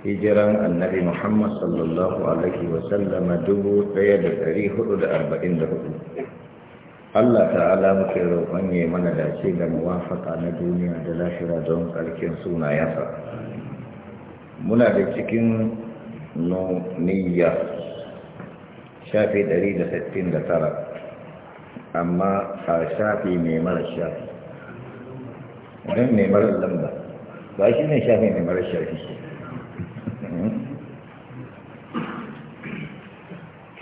hijiran annabi Muhammad sallallahu alaihi wasallam dubu ɗaya da ɗari hudu da arba'in da hudu. Allah ta'ala muke roƙon ya mana dace da muwafaka na duniya da lafira don ƙarƙin sunayensa. Muna da cikin nuniya shafi ɗari da sittin da tara, amma a shafi mai mara shafi. Don mai mara lamba, ba shi ne shafi mai mara shafi.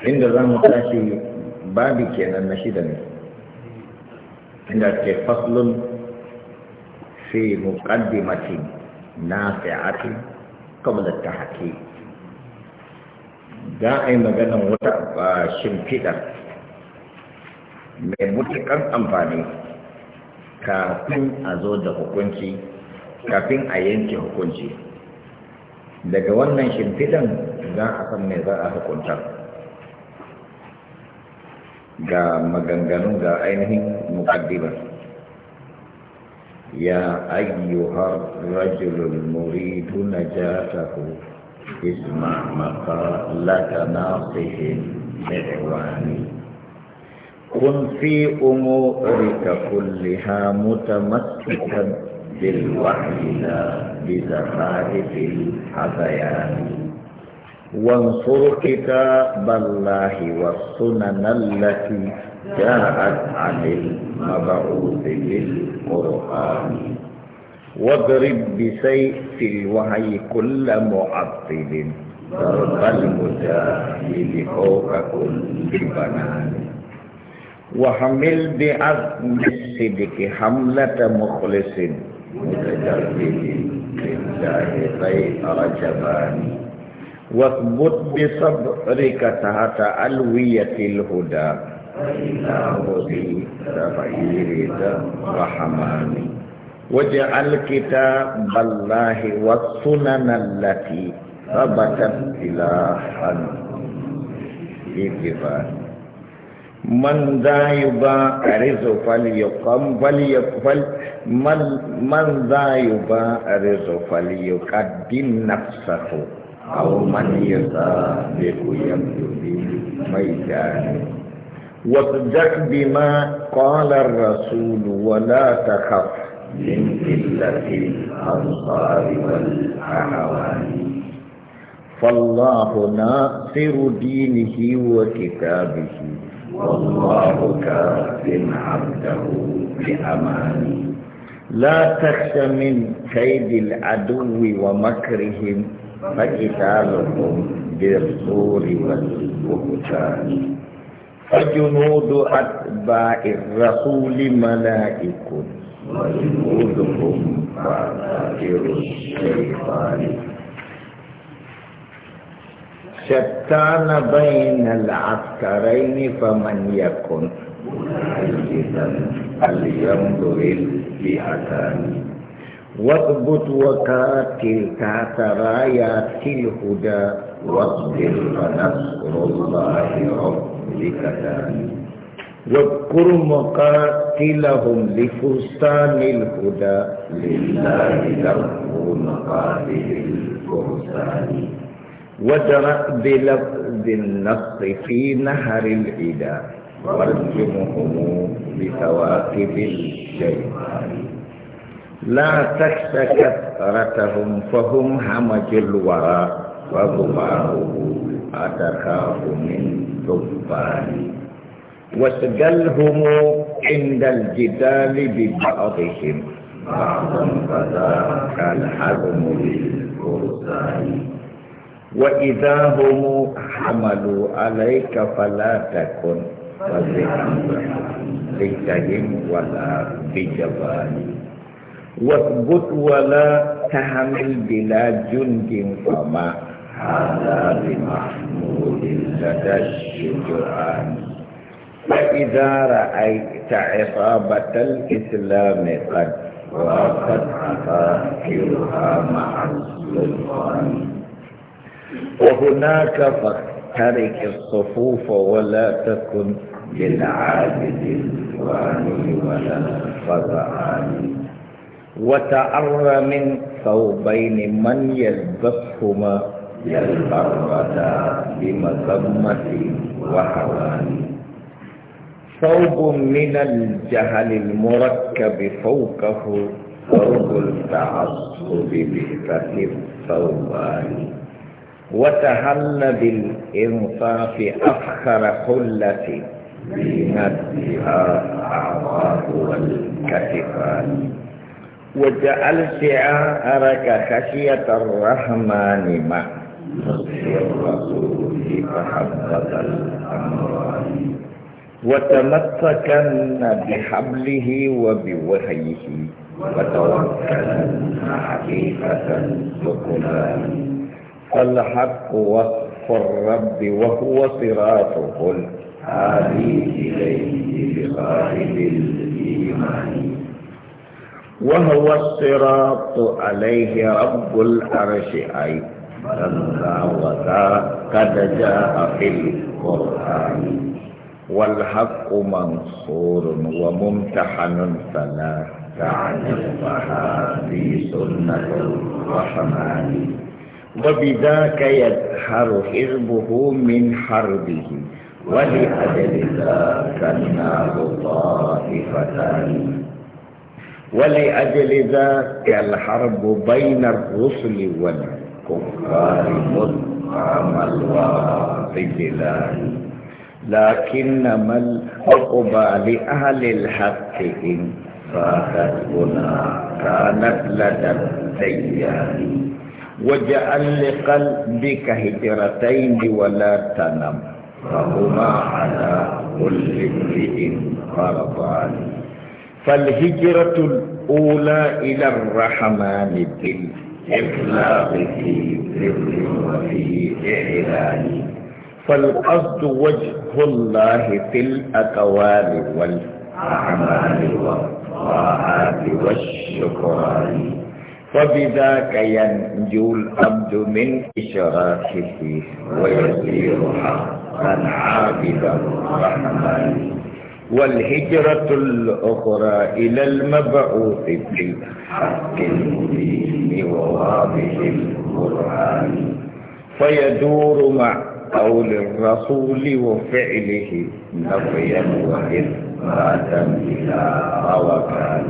inda za mu tashi babi kenan na shida ne inda ke faslun fi muqaddimati nafi'ati ta tahqiq za a yi magana wata shimfiɗa mai mutukan amfani kafin a zo da hukunci kafin a yanke hukunci daga wannan shimfidan za a san me za a hukunta ga maganganu ga ainihin mukaddimar ya ayyuhar rajulul muridu najatahu isma maqalatana fihim midwani kun fi umurika kulliha mutamassikan bil wahyi la bi zafarifil hazayani وانصر كتاب الله والسنن التي جاءت عن المبعوث بالقران واضرب بسيف الوحي كل معطل ضرب المجاهد فوق كل بنان وحمل بعزم الصدق حملة مخلص متجرد لله غير رجباني واثبت بصبرك تحت ألوية الهدى فإنه في تغيير الرحمن واجعل كتاب الله والسنن التي ثبتت إلى حد بكفاء من ذا يبارز فليقم فليقفل من من ذا يبارز فليقدم نفسه أو من يسابق يمشي في ميدانه واصدق بما قال الرسول ولا تخف من قلة الأنصار والأعوان فالله ناصر دينه وكتابه والله كاف عبده بأمان لا تخش من كيد العدو ومكرهم فقتالهم بالصور والبهتان فجنود أتباع الرسول ملائك وجنودهم فأساطير الشيطان شتان بين العسكرين فمن يكن اليوم الفئتان واثبت وقاتل تحت في الهدى واصبر فنصر الله ربك داني واذكر مقاتلهم لفرسان الهدى لله له مقاتل الفرسان ودرأ بلفظ النص في نهر العدا وارجمهم بثواكب الشيطان لا تخش كثرتهم فهم همج الورى فغباره أتخاف من ثبان واسجلهم عند الجدال ببعضهم بعضا فذاك الحزم للفرسان وإذا هم حملوا عليك فلا تكن فزعا بحملهم ولا بجبان واثبت ولا تحمل بلا جند فما هذا بمحمود لدى الشجعان فإذا رأيت عصابة الإسلام قد وافت أفاكرها مع السلطان وهناك فاخترق الصفوف ولا تكن للعابد الواني ولا الفضعان وتعر من ثوبين من يلبسهما يلبسهما بمذمة وهوان ثوب من الجهل المركب فوقه ثوب التعصب بفتح الثوبان وتهل بالإنصاف أفخر حلة بمدها أعضاء والكتفان وجعل شعارك خشية الرحمن ما الرسول وتمسكن بحبله وبوحيه وتوكلن حقيقة وكلا فالحق وصف الرب وهو صراطه الهادي إليه بخالد الإيمان وهو الصراط عليه رب العرش أي صلى وذا قد جاء في القرآن والحق منصور وممتحن فلا تعجبها في سنة الرحمن وبذاك يدحر حزبه من حربه ولأجل ذاك النار طائفتان ولأجل ذاك الحرب بين الرسل والكفار مطعم الواطلان لكنما العقبى لأهل الحق إن هنا كانت لدى الديان وجعل لقلبك هجرتين ولا تنم فهما على كل امرئ قربان فالهجرة الأولى إلى الرحمن بالإطلاق في ذكر وفي إعلان فالقصد وجه الله في الأقوال والأعمال والطاعات والشكران فبذاك ينجو الأبد من إشراكه ويصير حقا عابدا الرحمن والهجرة الأخرى إلى المبعوث بالحق المبين وواضح القرآن فيدور مع قول الرسول وفعله نفيا وإثباتا إلى روكان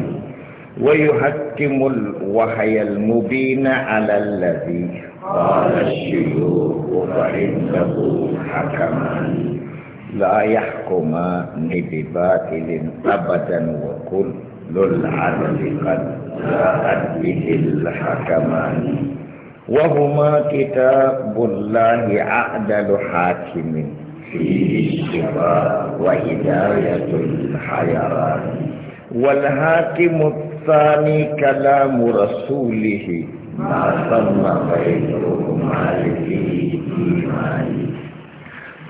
ويحكم الوحي المبين على الذي قال الشيوخ فإنه حكمان لا يحكمان بباطل أبدا وكل العدل قد جاءت به الحكمان وهما كتاب الله أعدل حاكم فيه الشفاء وهداية الحيران والحاكم الثاني كلام رسوله ما صم غيرهما لفيه إيمانه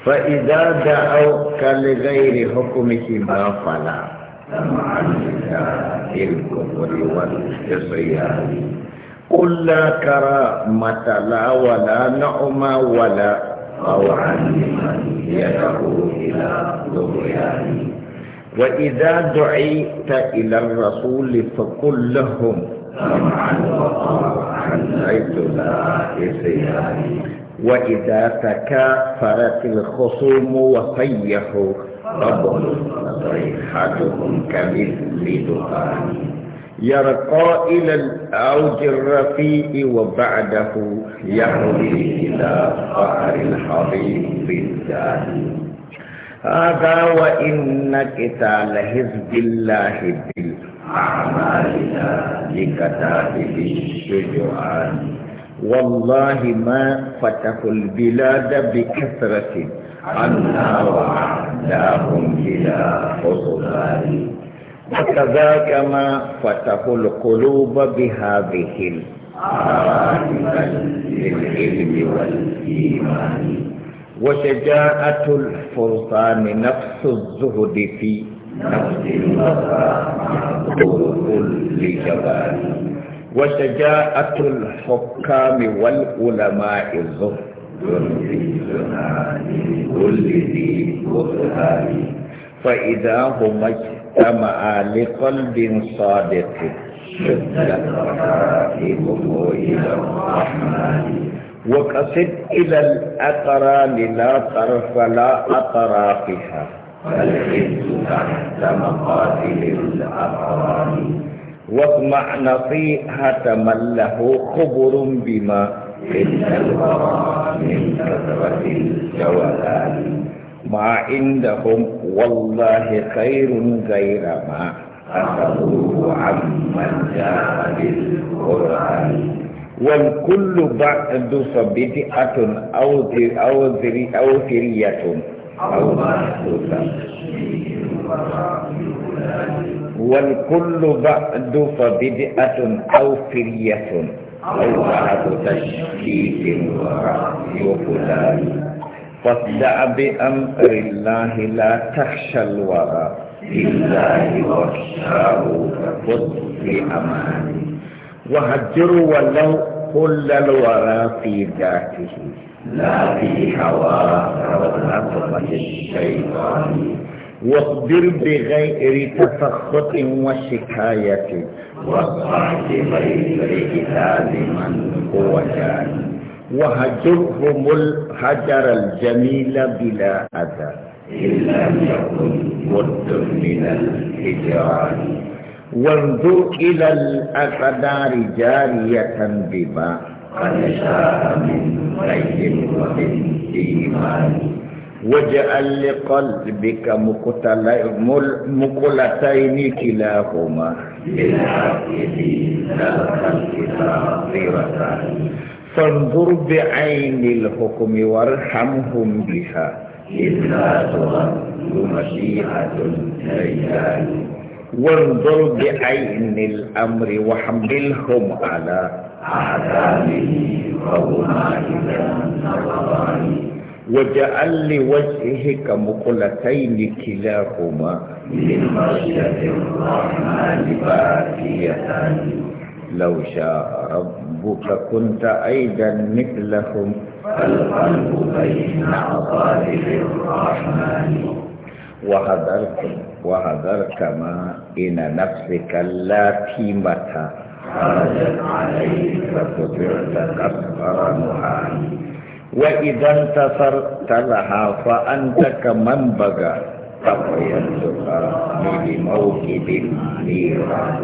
فإذا دعوك لغير حكمهما فلا بالكفر والعصيان قل لا كرامة لا ولا نعمة ولا طوعا عن يدعو إلى طغيان وإذا دعيت إلى الرسول فقل لهم طمعا عن حيث لا عصيان وإذا تكافرت الخصوم وصيحوا ربهم صيحتهم كمثل دخان يرقى إلى الأوج الرفيع وبعده يهوي إلى فأر الحبيب الزاني هذا وإن قتال حزب الله بالأعمال ذلك تابع الشجعان والله ما فتح البلاد بكثرة أنا وعدناهم بلا حصدان وكذاك ما فتح القلوب بهذه العاقبة للعلم والإيمان وشجاعة الفرسان نفس الزهد في نفس الوفاء مع كل جبال وشجاعة الحكام والعلماء الظهر فإذا هما اجتمعا لقلب صادق شدت إلى الرحمن وقصد إلى الأقران لا طرف لا أطرافها فالحد تحت مقاتل الأقران واسمع نصيحة من له خبر بما في الورى من كثرة الجولان ما عندهم والله خير غير ما أخذوه عمن جاء بالقرآن والكل بعد فبدعة أو ذري أو ذري أو ذرية أو بعد تشبيه والكل بعد فبدعة أو فرية أو بعد تشكيك ورأي فلان فاصدع بأمر الله لا تخشى الورى لله واخشاه فخذ بأمانه وهجر ولو كل الورى في ذاته لا في هواه ولا في الشيطان واخبر بغير تسخط وشكاية واصحك بين لكتاب من هو جان وهجرهم الحجر الجميل بلا أذى إن لم يكن بد من الهجران وانظر إلى الأقدار جارية بما قد شاء من غير ومن إيمان واجعل لقلبك مقلتين كلاهما فانظر بعين الحكم وارحمهم بها إلا تغفل مشيئة الرجال وانظر بعين الأمر وحملهم على أعدامه فهما إذا نظراني وجعل لوجهك مقلتين كلاهما من الرحمن باكية لو شاء ربك كنت أيضا مثلهم فالقلب بين عقائد الرحمن وحذرك وحذرك ما إن نفسك التي متى خرجت عليك فتطعت كفر نهائي wa idan tasar talaha fa an taka man baga tafayar zuka mili mauki bin nira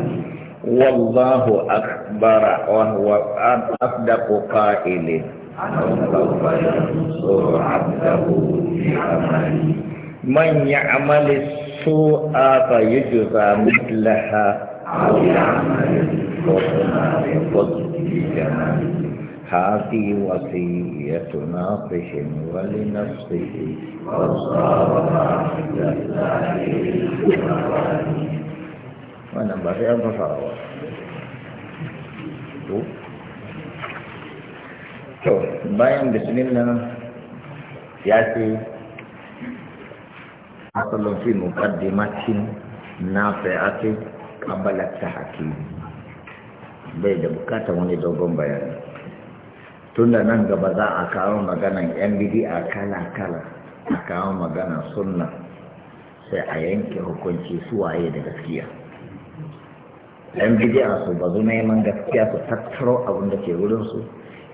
wallahu akbara wa abda ku ƙa'ili man ya amali su a ta yi juza mutlaha a wuya amali su a ta yi juza mutlaha هذه وصية ناطش ولنفسه وصارها لله وانا بقي أبو صاروا to bayan bismillah ya ce asalin fi muqaddimatin nafi'ati qabla tahkim bai da bukatar wani dogon bayani tunda nan gaba za a kawo maganan yan bidi'a kala-kala a kawo maganan sunna sai a yanke hukunci suwaye da gaskiya yan bidi'a su bazu neman gaskiya su tattaro abin da ke wurinsu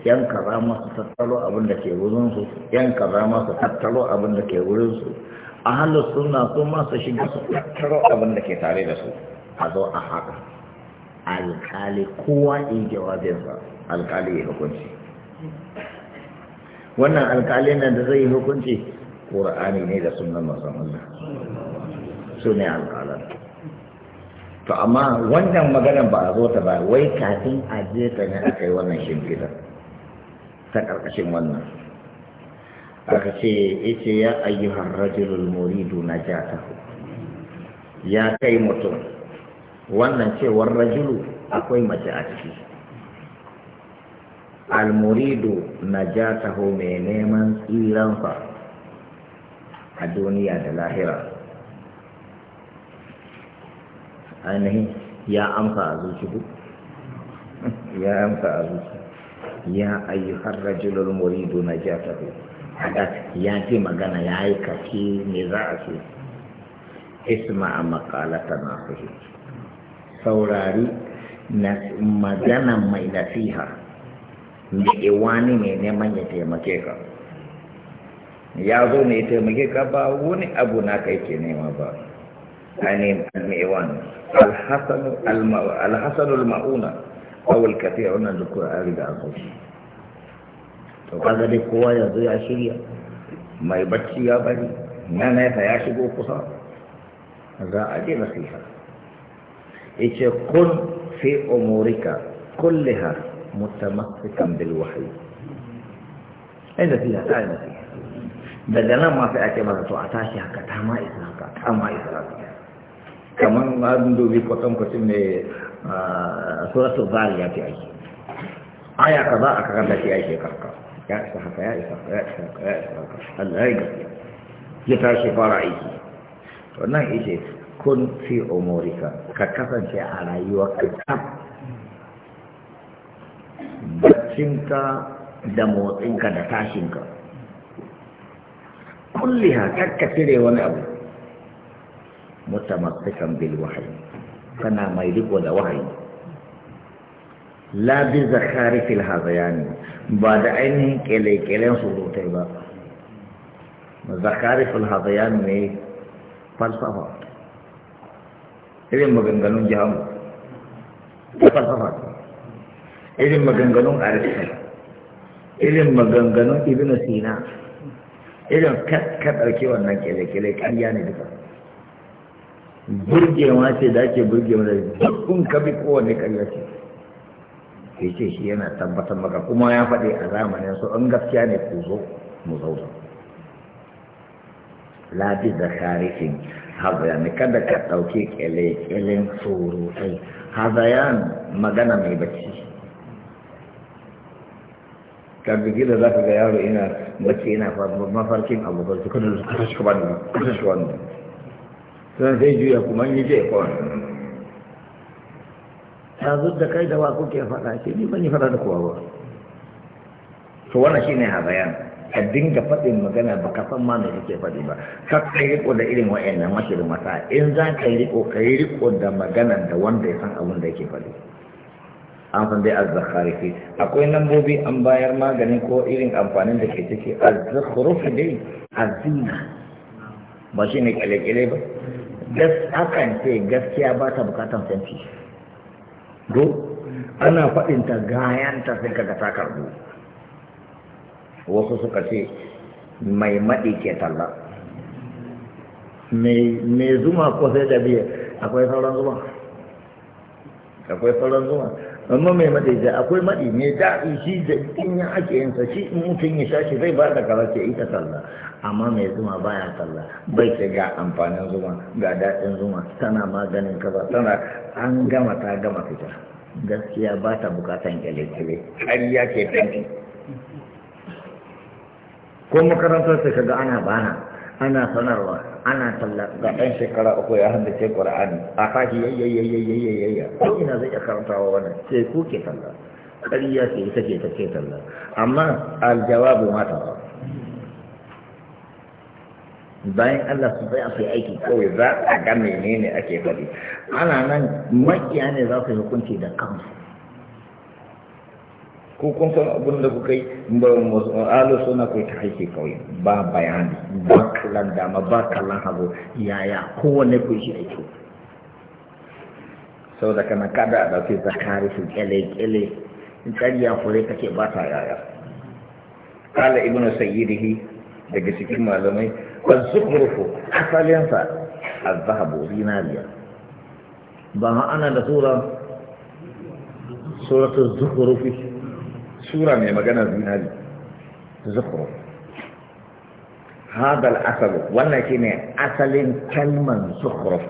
yan kaza masu tattaro abin da ke wurinsu yan kaza masu tattaro abin da ke wurinsu a halin sunna su masu shiga su tattaro abin da ke tare da su a zo a haka alkali kowa in jawabinsa alkali ya hukunci wannan alƙalin ne da zai hukunci ƙura'ani ne da sunan masan Allah su ne alƙalan to amma wannan maganar ba a zo ta ba wai kafin a je ta ne aka yi wannan shimfida ta ƙarƙashin wannan aka ce ita ya ayyuhan rajulul muridu na ya kai mutum wannan cewar rajulu akwai mace a ciki almuridu na ja taho mai neman tsiransa a duniya da lahira ainihin ya amsa a zuci ya amsa a zuci ya ayyuhar rajulul muridu najatahu haɗa ya ce magana ya yi kashi me za a ce isma a makalata na saurari na magana mai nasiha da wani mai neman ya taimake ka ya zo ne ya taimake ka ba wani abu na kai ke nema ba ainihin al'iwan alhassanul ma'una awul kafe a wannan duk a riga a sauki to kaga dai kowa ya zo ya shirya mai bacci ya bari na nesa ya shigo kusa za a je nasiha ya ce kun fi umurika kulle har? mutamassikan bil wahyi ai da fiya ta da fiya daga nan ma sai ake masa to a tashi haka ta ma isa haka ta ma isa haka kamar abin ah, dubi kwatan kwatan ne suratul zariya ce ake aya kaza a karanta ce ake karka isa haka ya isa haka ya isa haka ya isa haka Allah ya gaskiya ya tashi fara aiki wannan ita kun fi umurika ka kasance a rayuwa kaf barcinka da motsinka da tashinka kulliha takka cire wani abu mutamassikan bil wahayi kana mai riko da wahayi la bi zakhari fil hazayani ba da ainihin kele-kelen surutai ba zakhari fil hazayani ne falsafa irin maganganun jihamu falsafa ne irin maganganun aristotle irin maganganun ibn sina irin ka ɗauki wannan kele-kele ƙarya ne duka burgewa ce da ake burgewa da dukkan kabi kowane ƙarya ce ya ce shi yana tabbatar maka kuma ya faɗi a zamanin su an gaskiya ne ku zo mu zauna labi da kharifin hazayani kada ka ɗauki ƙele tsoro, surutai hazayan magana mai bacci kaga gida za ka ga yaro ina mace ina mafarkin abu ba su kada su kasa shi kwanan kasa shi wanda sai juya kuma yi je kwanan ta zo da kai da wa kuke faɗa ce ni ban yi faɗa da kowa ba to shi ne a bayan ka dinga faɗin magana ba ka san ma me kake faɗi ba ka kai riko da irin wa'annan mashirin mata in za ka yi riko ka yi riko da magana da wanda ya san abin da yake faɗi an san dai azzakhariki akwai lambobi an bayar magani ko irin amfanin da ke ciki azzakhruf dai azina ba shi ne kyale-kyale ba gas hakan ce gaskiya ba ta bukatan fenti do ana faɗinta gayanta sai ka ta karbu wasu suka ce mai maɗi ke talla mai zuma ko sai da biya akwai sauran zuma akwai sauran zuma amma mai matsayi da akwai maɗi mai daɗi shi da in ya ake yin sa shi in mutum ya shashi zai ba da kawar ce ita sallah amma mai zuma baya sallah bai ce ga amfanin zuma ga daɗin zuma tana maganin kaza tana an gama ta gama fita gaskiya ba ta bukatan kyale-kyale ya ke tanki ko makarantar sai kaga ana bana ana sanarwa ana talla ga ɗan shekara uku ya haddace ƙur'ani a kashi yayyayyayyayyayya ko ina zai iya wa wannan sai ku ke talla ƙariya ce ita ce ta ce talla amma aljawabu mata ba bayan Allah su zai su aiki kawai za a ga menene ake faɗi ana nan makiya ne za su hukunci da kansu ko kun san abin da kuka yi alo suna kai ta haike kawai ba bayani ba kallon dama ba kallon hago yaya kowane ku shi a kyau sau da kana kada a ɗauke zakari su kyale-kyale in tsariya fure kake ba ta yaya kala ibn sayyidihi daga cikin malamai wa zukhrufu asalinsa a zahabu zinariya ba ma'ana da sura suratun zukhrufi sura مجانا من zinari zukhruf هذا الأصل ولكن أصل كلمة زخرف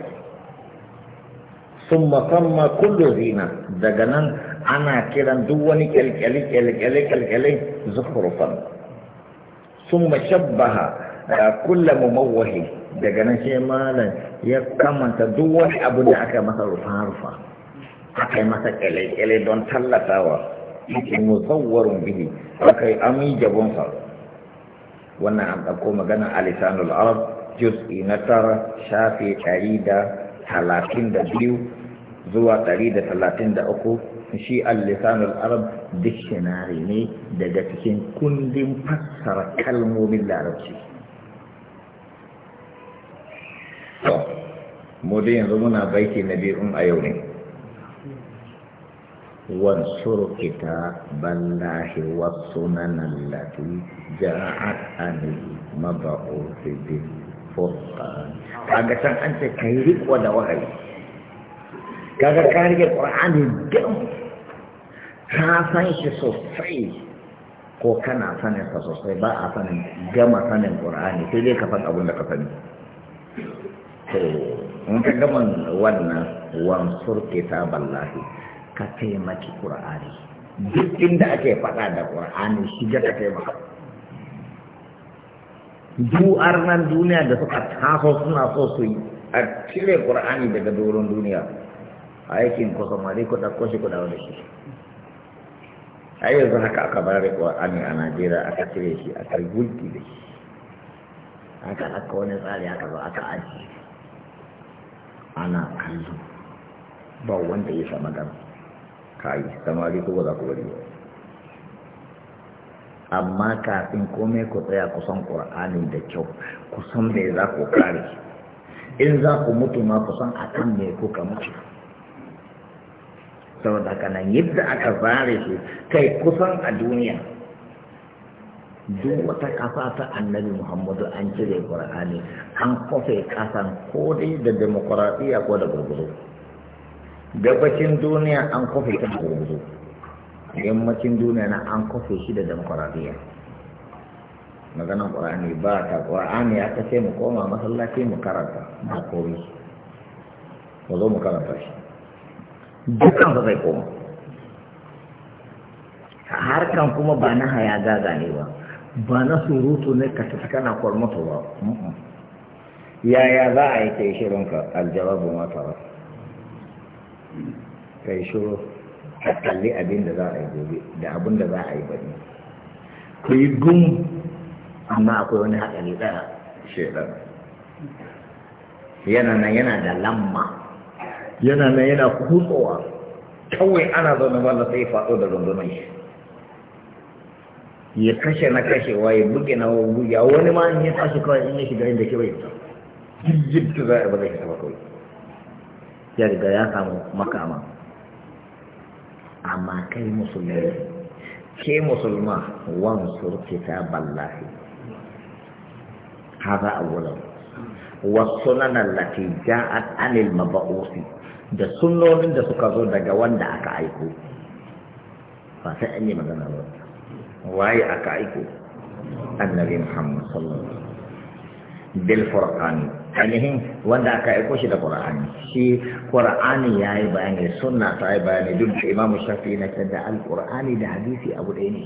ثم ثم كل زينة دجنا أنا كده دواني كل كل كل كل كل كل زخرفا ثم شبه آه، كل مموه دجنا شيء ما يا يكمل تدوان أبو نعك مثل فارفا أكيد مثل كل كل دون ثلاثة yake muzawwarun bihi akai ami jabon sa wannan an ɗauko magana a lisanul arab juz'i na tara shafi ɗari da talatin da biyu zuwa ɗari da talatin da uku shi al-lisanul arab dictionary ne daga cikin kundin fassara kalmomin larabci mu da yanzu muna baiki na biyu a yau ne وانصر كتاب الله والسنن التي جاءت عن المبعوث بالفرقان kaga san an ce kai riko da wahayi kaga ka rike qur'ani gam ka san shi sosai ko kana sanin ka sosai ba a sanin gama sanin qur'ani sai dai ka san abin da ka sani to in ka gama wannan wansur kitaballahi ka taimaki ƙur'ani duk inda ake faɗa da ƙur'ani shiga ka taimaka du'ar nan duniya da suka taso suna so su yi a cire ƙur'ani daga doron duniya aikin ku samari ku ɗauko shi ku dawo da shi ai yanzu haka aka bar ƙur'ani a najeriya aka cire shi aka yi gulki da shi aka ɗauka wani tsari aka zo aka aji ana kallo ba wanda ya sami magana kai samari ko za ku bari amma kafin kome ku tsaya kusan Al-Qur'ani da kyau kusan me za ku kare in za ku mutu ma kusan a kan me kuka mutu saboda haka yadda aka zare su kai kusan a duniya duk wata ƙasa ta annabi muhammadu an cire Al-Qur'ani, an kofe ƙasan ko dai da demokuraɗiyya ko da gurguru gabacin duniya an kofe ta gurguzu yammacin duniya na an kofe shi da demokuraɗiyya maganan ƙwararri ba ta ƙwararri ya ta ce mu koma masallaci mu karanta ba kori ba zo mu karanta shi dukkan sa zai koma harkan kuma ba na haya gaga ne ba ba na surutu ne ka tafi kana kwarmata ba yaya za a yi ta yi shirinka aljawabu mata ba ka yi shuru ka kalli abin da za a yi gobe da abin da za a yi bane ku yi gum amma akwai wani haɗari ɗaya shaidar. yana nan yana da lamma yana nan yana kutsowa kawai ana zaune ba da sai faɗo da rundunar shi ya kashe na kashewa ya buge na buge wani ma in ya tashi kawai in ya shiga inda ke bai ta jirgin za a yi ba zai ta bakwai. kawai ya riga ya samu makama amma kai musulmi ke musulma a kitaballahi Wasu awwalan lati allati ja'at anil mabu'usi da sunnonin da suka zo daga wanda aka aiko ba sai an yi magana ba waye aka aiko annabi muhammad sallallahu alaihi wasallam bil furqani ainihin wanda aka aiko shi da qur'ani shi qur'ani yayi bayani sunna ta yi bayani duk da imamu shafi na da alqur'ani da hadisi abu ɗaya ne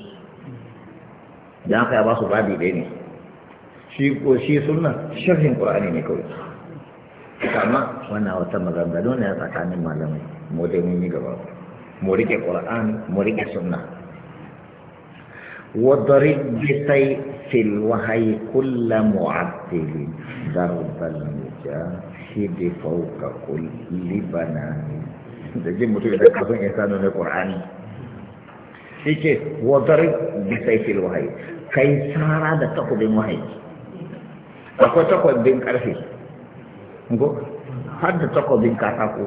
dan aka yi ba su babi ɗaya ne shi ko shi sunna sharhin qur'ani ne kawai kama wannan wata maganganu ne a tsakanin malamai mu dai mun yi gaba mu rike qur'ani mu rike sunna وضرب بسيف وهي كل معدل ضرب المجاهد فوق كل بنان جيم متوجه كفن إنسان من القرآن إيش وضرب بسيف الوحي كي سارا دتك بموحي أكو تكو بين كرفي نقول هذا تكو بين كرفي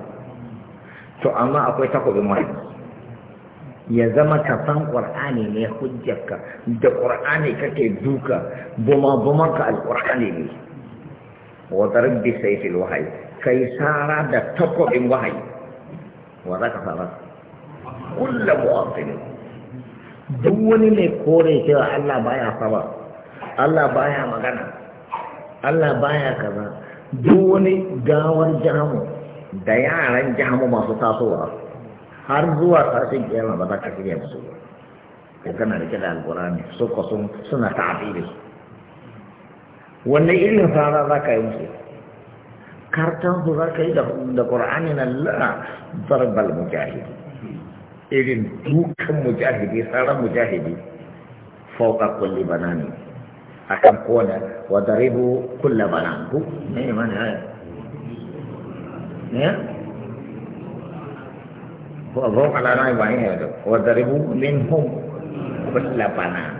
تو أما أكو تكو بموحي ya zama ka san ƙur'ani ne hujjarka da ƙur'ani kake duka buma bumanka alƙur'ani ne wa zarbi sayfil wahayi kai sara da takobin wahayi wa za ka fara kulla mu'azzini duk wani mai kore cewa Allah baya sama, Allah baya magana Allah baya kaza duk wani gawar jahamu da yaran jahamu masu tasowa har zuwa karshen kiyama ba za ka shirya musu ba kai kana rike da alkurani su ko sun suna ta'abiri wannan irin fara za ka yi musu kartan su za ka yi da qur'ani na la zarbal mujahidi irin dukan mujahidi tsaron mujahidi fauka kulli banani akan kona wa daribu kulla banan ku ne mana ne Allah ala rai wa ya do wa daribu minhum bislapana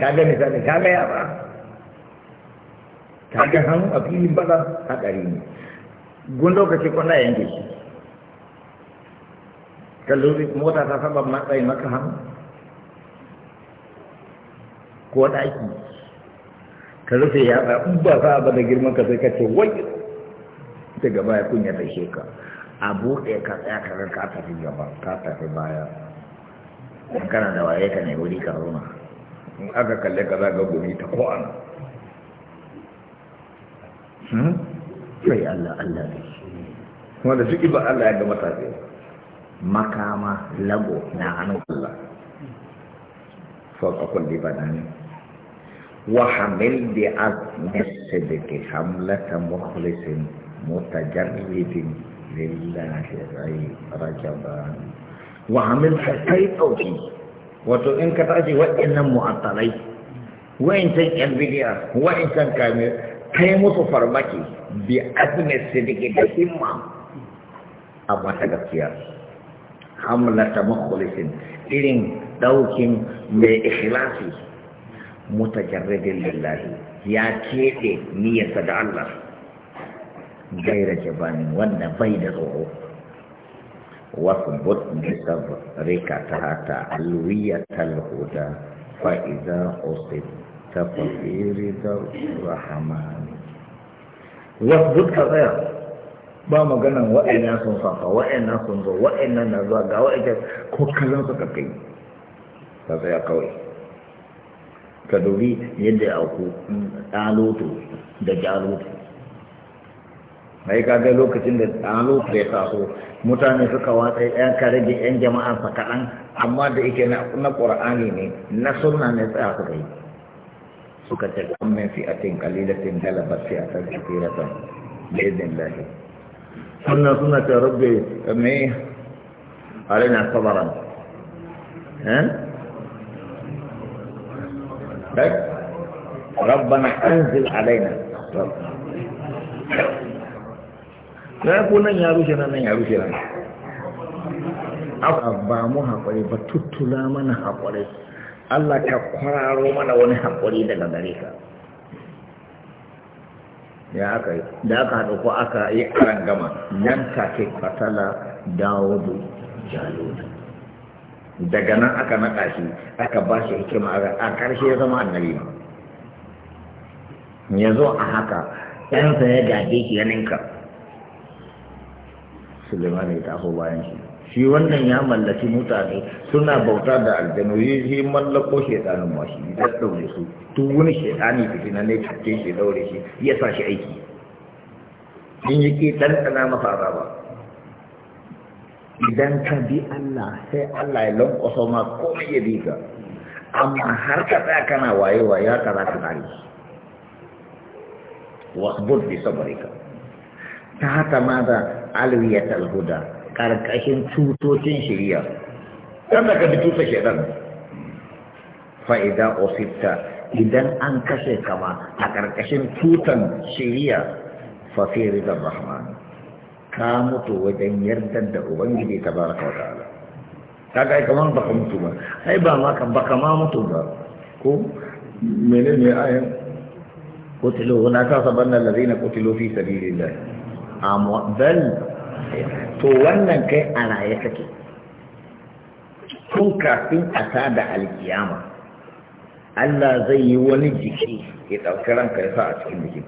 kaga ni sa ni kaga ya ba kaga han abin bala hadari ni gundo ka ce kona yanke shi kallo ni mota ta fa babu matsayi maka han ko daki ka rufe ya ba ba fa ba da girman ka sai ka ce wai daga baya kunya da shekara a buɗe ka tsaya ka ga ka tafi gaba ka tafi baya in kana da waye ka nemi wuri ka zauna in aka kalle ka za ga gumi ta ko ana hmm? sai Allah Allah ne wanda duk ba Allah ya ga matafiya makama lago na hannun Allah fauka kulli banani wa hamil bi azmi sidqi hamlatan mukhlisin mutajarridin لله أي رجبا وعمل حقيقي توحيد وتو إن كتاتي وإن معطلي وإن كان أنبياء وإن كان كامل كيموت فرمكي بأدنى الصدق الهمة أما تغطية حملة مخلص إلين دوكم بإخلاصي متجرد لله يا كيدي نية الله gaira jabanin wanda bai da tsoho. wasu bud nisa Reka ta hata alwiya talhuda fa’iza osi ta fasiri da rahamani wasu bud ka tsaya ba maganan wa’ina sun fafa wa’ina sun zo wa’ina na zuwa ga wa’ina ko kallon suka kai ta tsaya kawai ka dori yadda aku ɗaloto da jaloto ai kaga lokacin da tsalo ya taso mutane suka watsa yan kare karage yan jama'a sa kaɗan amma da yake na ƙur'ani ne na sunna ne tsaya suka yi suka ce kammin fi'atin qalilatin galabat fi'atan kathiratan باذن الله sunna suna ce rabbi me alaina sabaran eh? eh rabbana anzil alaina ya ko nan ya rushe nan ya rushe nan ba mu haƙuri ba tuttula mana haƙuri Allah ka kwararo mana wani haƙuri daga gare ka ya aka yi da aka haɗu ko aka yi karan gama nan ke fatala dawudu jaludu daga nan aka naƙa shi aka ba shi hikima a ƙarshe ya zama annabi ya zo a haka ɗansa ya gaje shi ya ninka Suleiman ya taho bayan shi shi wannan ya mallaki mutane suna bauta da aljanu shi mallako shedanin ma shi daure su Tun wani shedani na ne cikin shi daure shi ya sa shi aiki in yake ɗanɗana masa azaba idan ka bi Allah sai Allah ya lankwasa ma komai ya bi ka amma har ka tsaya kana waye waye ka za ka tsari wasbud bi sabrika ta haka ma da alwiyat al-huda karkashin tutocin shari'a kan daga ka bi tutar shaidan fa'ida ofita idan an kashe kama a karkashin tutan shari'a fi da rahman ka mutu wajen yarda da ubangiji ta baraka wata ala kuma ba baka mutu ba ai ba ma kan baka ma mutu ba ko menene ayan قتلوا هناك صبرنا الذين قتلوا في سبيل الله a bal to wannan kai a raye kake tun kafin a da alkiyama Allah zai yi wani jiki ya ɗauki ranka ya sa a cikin jiki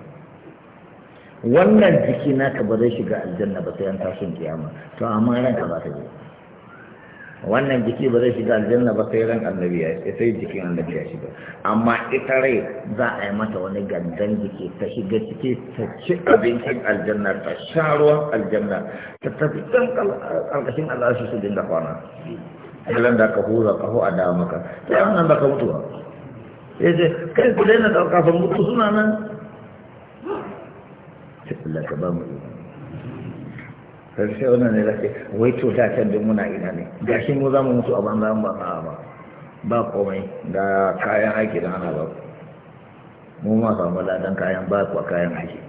wannan jiki naka ba zai shiga aljanna ba sai an tashin kiyama to amma ranka ba ta je wannan jiki ba zai shiga aljanna ba sai ran annabi ya sai jikin annabi ya shiga amma ita rai za a yi mata wani gandan jiki ta shiga ciki ta ci abincin aljanna ta sha ruwan aljanna ta tafi can karkashin Allah su dinga kwana kalan da ka hura kaho a dawo maka sai an nan ka mutuwa ya ce kai ku daina ɗauka sun mutu suna nan sai Allah ka ba mu sai wannan ne zai wai cuta can duk muna ina ne gashi mu za mu mutu a banza mu ba ba ba komai da kayan aiki da ana ba mu ma samu ladan kayan ba kwa kayan aiki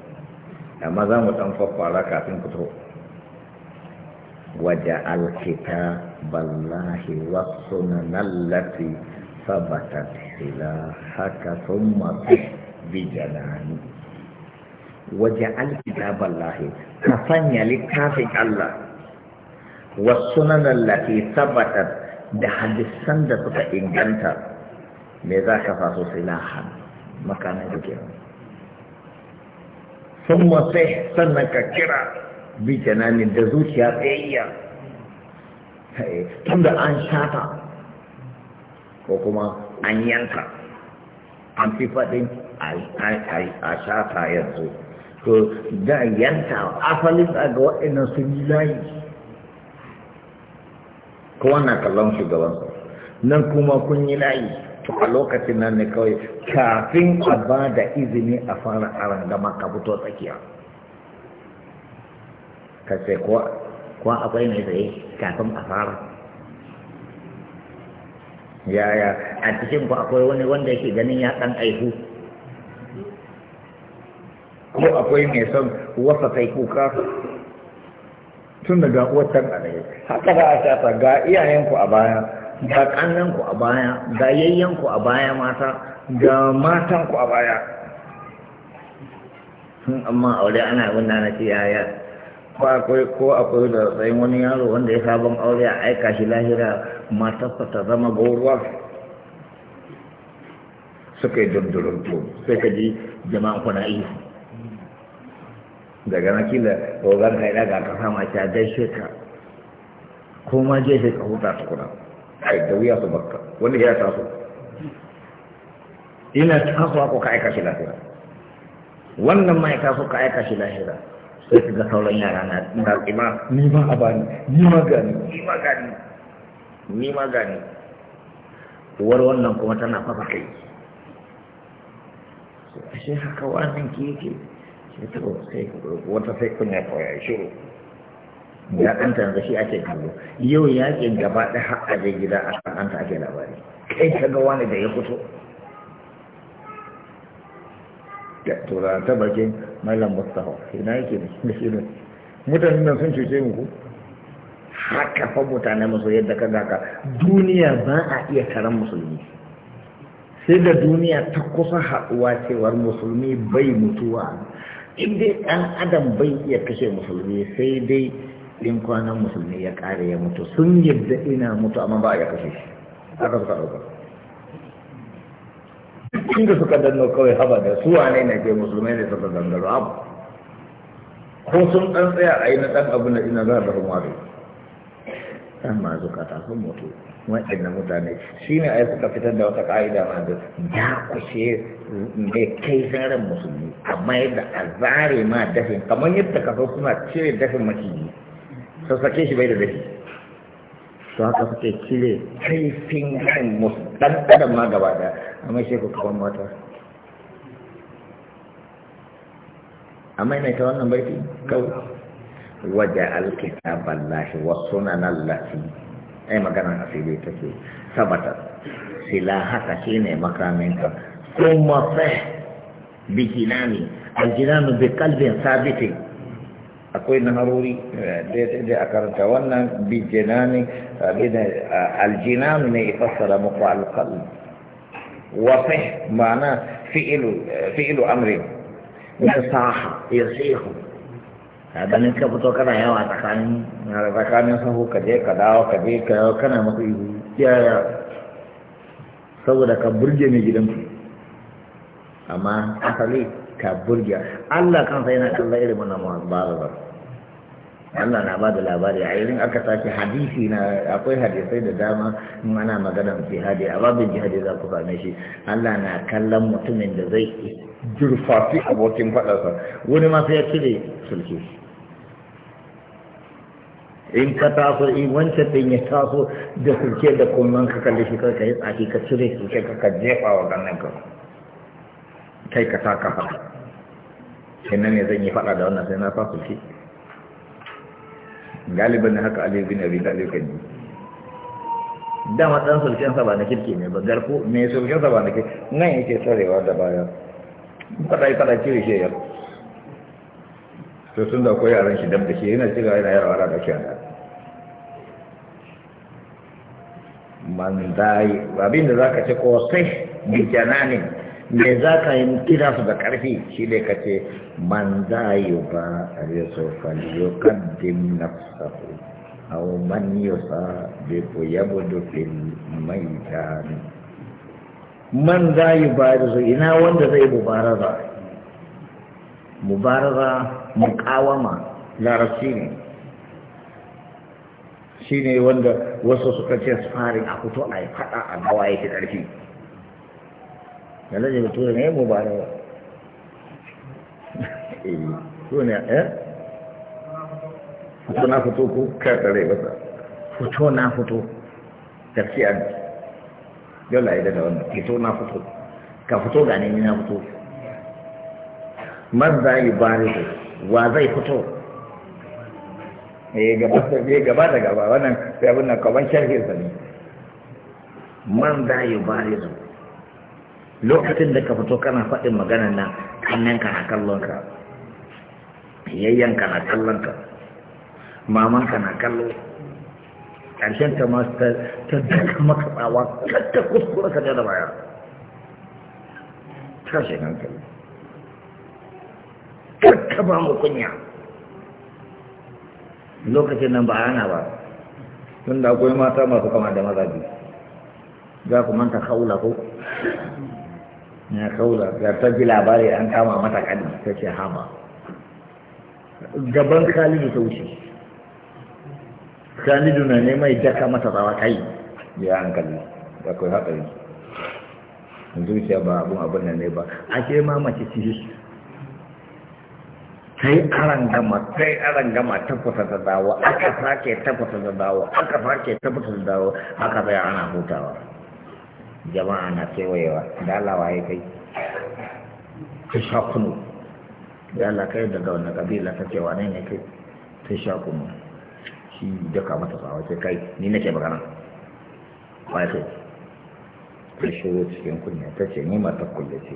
amma za mu dan fafara kafin fito wajja alkita ballahi wa na lati sabatat ila haka summa bi waja'al kitaballahi ka sanya littafin Allah wasu nanan lati tabbatar da hadisan da suka inganta me za ka faso silahan makamin da sun masai sannan ka kira bi janani da zuciya tsayayya tun da an shata ko kuma an yanka an fi faɗin a shata yanzu to da yanka asalin a ga waɗannan sun yi layi kowa na kallon su nan kuma kun yi layi to a lokacin nan ne kawai kafin a ba da izini a fara aran gama ka fito tsakiya ka ce kuwa akwai mai tsaye kafin a fara yaya a cikin ku akwai wani wanda yake ganin ya ɗan aihu ko akwai mai son wasa sai kuka tun daga watan a daga haka ba a shafa ga iyayenku a baya ga ƙannanku a baya ga yayyanku a baya mata ga matan ku a baya amma aure ana da na ce yaya ko akwai ko akwai da tsayin wani yaro wanda ya sabon aure a aika shi lahira matarsa ta zama gowar suka yi dumdurunto sai ka ji jama'an kuna ihu daga na kila ka kai ga ka ma ta gaishe ka ko ma je ka huta tukuna ai da wuya su bakka wanda ya taso ina taso ko ka aika shi lafiya wannan mai taso ka aika shi lafiya sai ka ga sauran yara na na kima ni ma abani ni ma gani ni ma gani ni ma gani war wannan kuma tana fafa kai ashe haka wannan ke ke. wata sai kunya koya shiru ya ɗanta yanzu shi ake kallo yau yakin gaba ɗaya har a gida a ɗanta ake labari kai ka ga wani da ya fito da tura ta bakin Mallam mustafa ina yake da shirin mutanen nan sun cuce mu ko haka fa mutane musu yadda ka ga ka? duniya ba a iya taron musulmi sai da duniya ta kusa haɗuwa cewar musulmi bai mutuwa in dai ɗan adam bai iya kashe musulmi sai dai in kwanan musulmi ya ƙare ya mutu sun yadda ina mutu amma ba a ya kashe shi aka suka ɗauka inda suka danno kawai haba da su wane ne ke musulmai ne suka dangaro abu ko sun ɗan tsaya a yi na ɗan abu na ina za a bar mawari ɗan ma zukata sun mutu waɗannan mutane shi ne a suka fitar da wata ƙa'ida ma da ya kushe mai kai zarar musulmi amma yadda a zare ma dafin kamar yadda kaso suna cire dafin maciji su sake shi bai da dafi to haka suke cire kaifin yan dan ɗan ma gaba da amma shi ku kawan mata amma yana ta wannan baiti kawai waje alkitaballahi wasu sunanan lafi ai magana asiri take sabata sila haka shine makaminka kuma fa bijinani aljinanu bi qalbin sabitin akwai na haruri da da da akaranta wannan bijinani aljinanu ne ifassara muku alqalb wa fa ma'ana fi'lu fi'lu amri ya yasihu a ganin ka fito kana yawa tsakanin tsakanin sahu ka je ka dawo ka je ka yawo kana masu ihu yaya saboda ka burge mai gidanku amma asali ka burge Allah sai na kalla irin wannan mu'azzara Allah na ba da labari a irin aka sake hadisi na akwai hadisai da dama in ana maganar jihadi a babin jihadi za ku same shi Allah na kallon mutumin da zai jurfafi abokin faɗarsa wani ma sai ya cire sulke in ka taso in wancan ta ya taso da suke da kullum ka kalli shi ka yi tsaki ka cire sulke ka ka jefa wa gannan ka kai ka sa kafa sai nan ne zan yi faɗa da wannan sai na sa sulke galiban na haka aliyu bin abi talib kan dama dan sulken sa ba na kirki ne ba garko me sulken sa ba na kirki nan yake tsarewa da baya kada kada cire shi yau to tun da akwai yaran shi dabda shi yana cigaba yana yara da shi yana man zai abin da zaka ce ko sai bi jananin me za ka yi kira su da ƙarfi shi ne ka ce man za yi ba a yaso faliyo kaddim na sahu a man yi sa bai ku yabo da fil mai tani man za ba da su ina wanda zai bubara za mubaraza muqawama larabci ne shine wanda wasu suka ce sparring a fito a yi fada a gawa yake ƙarfi yanzu da tura ne mubaraza eh ko ne eh fito na fito ko ka ba ta. fito na fito tafiya dole a yi da wannan fito na fito ka fito gane ni na fito yi bari ko, wa zai fito eh gaba da eh, gaba da gaba wannan sai abin nan kaban sharhin sa ne man da ibarihu lokacin da ka fito kana faɗin maganar nan kannan ka na kallon ka yayyan ka na kallon ka maman ka na kallo ƙarshen ta ma ta daga maka tsawa ta kuskura ka da baya tashin hankali karka ba mu kunya lokacin nan ba a yana ba tun da akwai mata masu kama da maza biyu za ku manta kaula ko ya kaula ya ta ji labari an kama mata kadi ta ce hama gaban kalidu ta wuce kalidu na ne mai daka mata tsawa kai ya hankali akwai haɗari zuciya ba abun abin nan ne ba ake ma mace ciki sai aran gama sai aran gama ta da dawo aka sake tafasa da dawo aka sake tafasa da dawo aka sai ana hutawa jama'a na kewayewa Allah ya kai ta sha kunu da Allah kai daga wani kabila ta ce ne ne kai ta sha kunu shi duka mata tsawa ce kai ni nake magana ba ya kai ka shiro cikin kunya ta ce ni mata kulle ce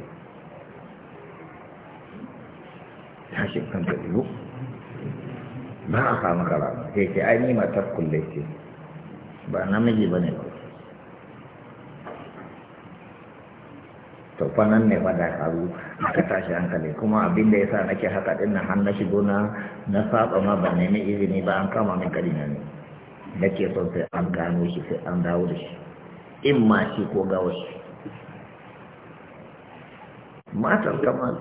tashin kan da biyu ba a samu kara ba sai ce ai matar kulle ce ba namiji ba ne ba to fa nan ne ba da karu aka tashi hankali kuma abin da sa nake haka din nan har na shigo na na saba ma ba nemi izini ba an kama min kari na ne nake son sai an gano shi sai an dawo da shi in ma shi ko gawo shi matar kamar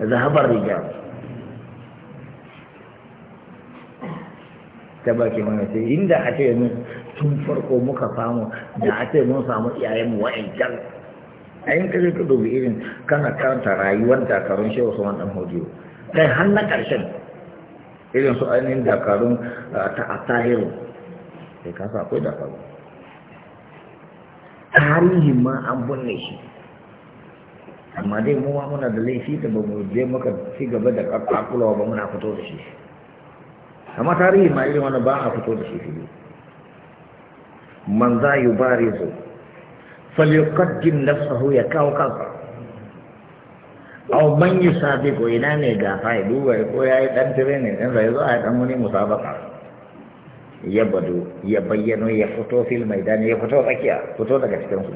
ذهب الرجال ta baki mana sai inda a ce mun tun farko muka samu da a ce mun samu iyayen mu wa'ancan a yin kaje ka dubi irin kana karanta rayuwar dakarun shehu su wannan hodiyo kai har na karshen irin su ainihin dakarun ta a tahiru sai ka sa akwai dakarun tarihin ma an bunne shi amma dai mu muna da laifi da ba mu je muka ci gaba da kakulawa ba muna fito da shi amma tarihi ma irin wani ba a fito da shi fili man za yi bari zo falyukaddin nafsahu ya kawo kansa aw man sabi ko ina ne ga fai duba ko yi dan tire ne dan zai zo a dan wani musabaka ya bado ya bayyano ya fito fil maidan ya fito tsakiya fito daga cikin su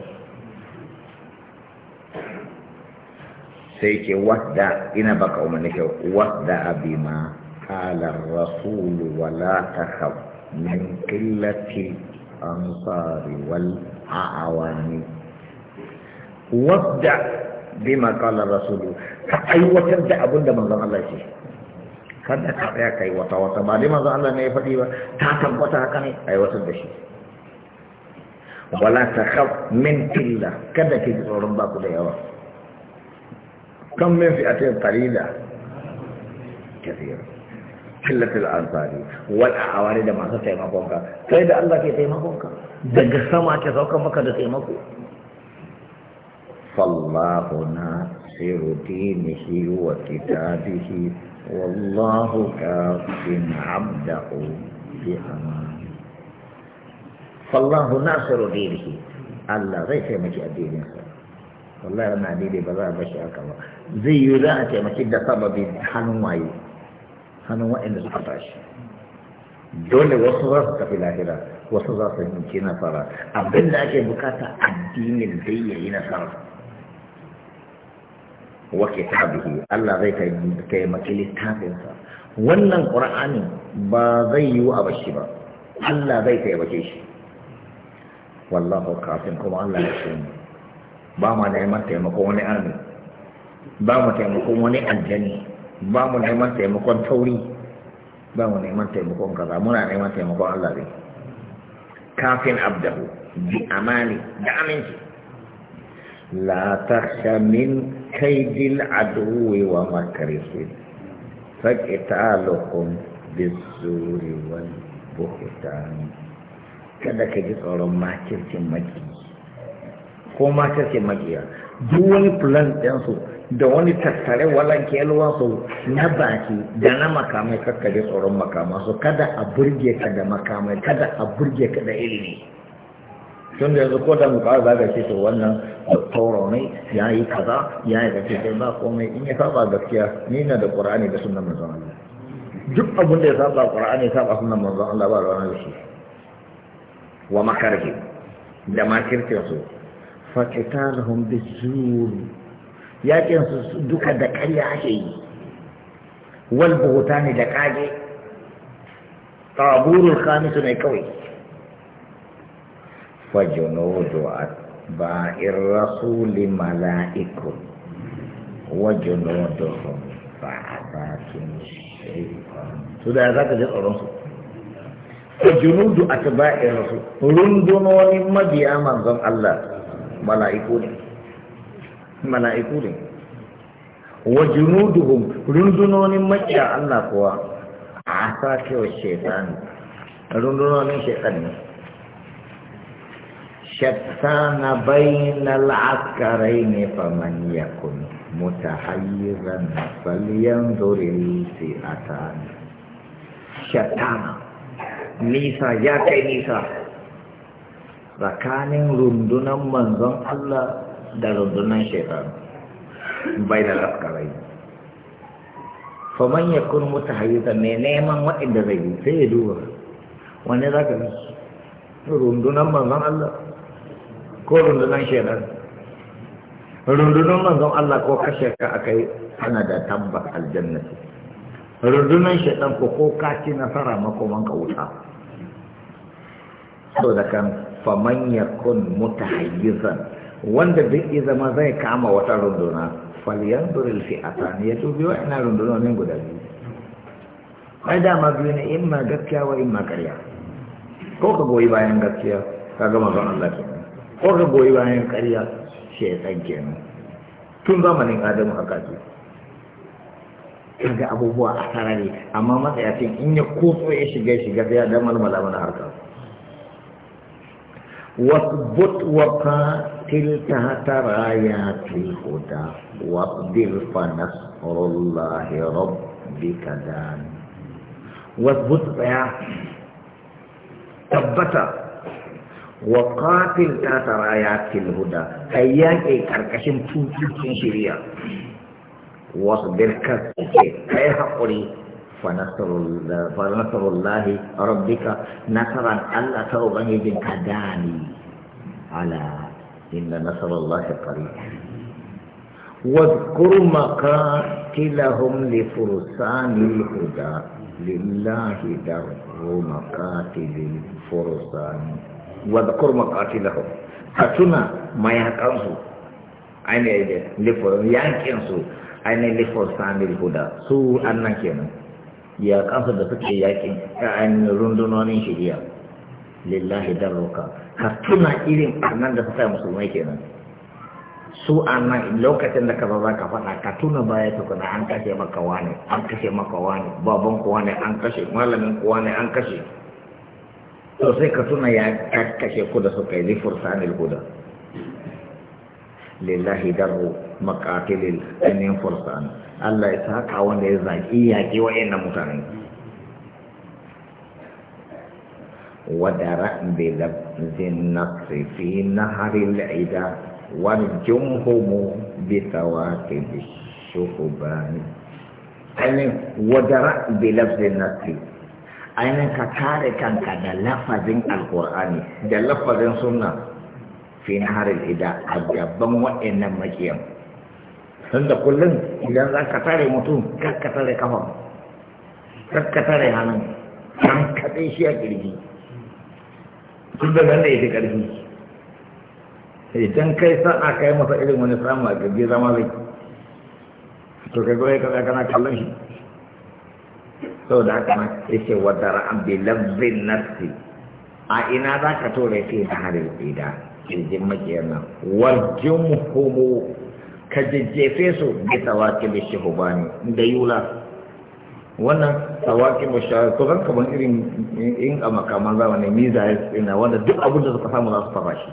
sai ke wasda ina baka umarni ke wasda abi ma kala rasulu wala ta takhab min qillati ansari wal aawani wasda bima kala rasulu ka aiwatar da abin da manzon Allah ce kada ka tsaya kai wata wata ba dai manzon Allah ne ya faɗi ba ta tabbata haka ne aiwatar da shi wala takhab min qilla kada ki tsoron ba ku da yawa كم من فئة قليلة كثيرة قلة الأنصار والأعوان ما ستيمكوك فإذا الله كيتيمكوك دق السماء كثوك مكة تيمكوك فالله ناصر دينه وكتابه والله كاف عبده بأمان فالله ناصر دينه الله زي كلمة الدين والله ما ديني بلا بشأك الله zai yi za a taimaki da sababin hannun waye hannun waɗanda suka tashi dole wasu za su tafi lahira wasu za su yanke nasara abinda ake bukata addinin zai yayi nasara wa kitabihi Allah zai taimaki littafinsa wannan qur'anin ba zai yi a bashi ba Allah zai taimake shi wallahu kafin kuma Allah ya shi ba ma neman taimako wani amin ba mu taimakon wani aljani ba mu neman taimakon tauri ba mu neman taimakon kaza muna neman taimakon Allah ne kafin abdahu bi amani da aminci la takhsha min kaidil aduwi wa makarihim faqitaluhum bizuri wal buhtan kada ka ji tsoron makircin maki ko makircin makiya duk wani plan ɗinsu da wani tattare walanke su na baki da na makamai kakkaje tsoron makama su kada a burge ka da makamai kada a burge ka da ilimi tun da yanzu ko da mu kawai zaga ce to wannan tauro ne ya yi kaza ya yi kace sai ba komai in ya saba gaskiya ni na da qur'ani da sunnan manzo Allah duk abin da ya saba qur'ani ya saba sunnan manzo Allah ba ruwan shi wa makarhi da makirkin su fa qitalhum bizur yakin duka da ƙarya ake yi wal buhutani da kage taburul khamisu ne kawai fajunudu ba'in rasuli mala'ikun wa junuduhum fa'atatun shaytan su da za ka ji tsoron su fajunudu atba'ir rasul rundunonin mabiya manzon Allah mala'iku ne mala'iku ne wa junuduhum rundunonin makiya Allah kuwa a asafiyar shaitan rundunonin shaitan ne shattana bainal askarai ne faman yakun mutahayyizan falyanzur si'atan shattana nisa ya kai nisa tsakanin rundunan manzon Allah da rundunan shekaru bai da raskarai faman ya kun mutu hayyuta mai neman waɗanda zai yi sai ya duba wani za ka bi rundunan manzon Allah ko rundunan shekaru rundunan manzon Allah ko kashe ka aka yi ana da tabbar aljannati rundunan shekaru ko ko kaci nasara makoman ka wuta saboda kan faman mutu mutahayyizan wanda duk ya zama zai kama wata runduna faliyan duril a ne ya tubi wa ina rundunonin guda biyu ai dama biyu ne in ma gaskiya wa in ma karya ko ka goyi bayan gaskiya ka gama zan Allah ke ko ka goyi bayan karya shi ya san ne tun zamanin adamu haka ce kaga abubuwa a sarari amma matsayacin in ya kotso ya shiga shiga ya damar malamar harka bot wata تلك ترايات الهدى واقدر فنصر الله ربك دان واثبت يا ثبت وقاتل ترايات الهدى اياك اي كركشن توتين شريا واصبر كركشن اي حقري فنصر الله فنصر الله ربك نصرا الله توبه بك داني على إن نصر الله قريب واذكر مقاتلهم لفرسان الهدى لله در مقاتل الفرسان واذكر مقاتلهم أتنا ما يهتنسوا أين لفرسان يهتنسوا أين لفرسان الهدى سوء أنك ينسوا ya kafa da suke yakin ƴaƴan rundunonin shirya lillahi darruka ka tuna irin annan da suka yi musulmai kenan su annan lokacin da ka zo za ka faɗa ka tuna baya tukuna an kashe maka wani an kashe maka wani baban kuwa ne an kashe malamin kuwa ne an kashe to sai ka tuna ya kashe ku da suka yi zifur sanil guda lillahi darru maqatilil ainihin fursan Allah ya saka wanda ya zaki yaki na mutane ودرأب لبز النقص في نهر العدى وارجمهم بثواكب الشهبان أين ودرأب لبز النقص أين كتارك أنك لفظ القرآن ده لفظ سنة في نهر العدى أجابا وإن مجيئا tunda kullum idan za ka tare mutum kar ka tare kafa kar ka tare hannun kan kaɗai shi a kirji tun da nan da ya fi ƙarfi idan kai sa'a kai masa irin wani samu a gabe zama zai to kai kawai kaza kana kallon shi sau da haka nan ya ce wa dara'an bi lafzin nafsi a ina za ka tura ke da hari tsida kirjin makiyar nan wajen hukumu ka jejjefe su bisa wakilin shi hubani da yula wannan tsawaki bashar to zan kaman irin in a makaman zamani miza ya tsina wanda duk abin da suka samu za su fara shi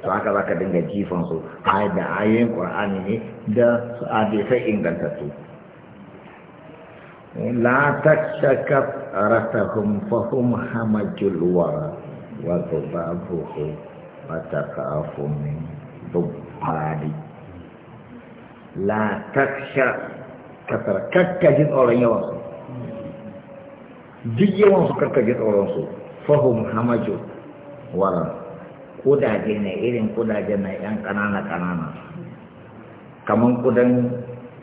to haka za ka dinga jifan su da ayoyin ƙwar'ani ne da su adisai ingantattu la takshakat rasahum fahum hamajul wara wa zubabuhu wa takafu min dubbari la takshakat kasar kakkaji tsoron yawansu duk yawansu kakkaji su. fahim hamajo wala kudaje ne irin kudaje na yan kanana-kanana kamar kudan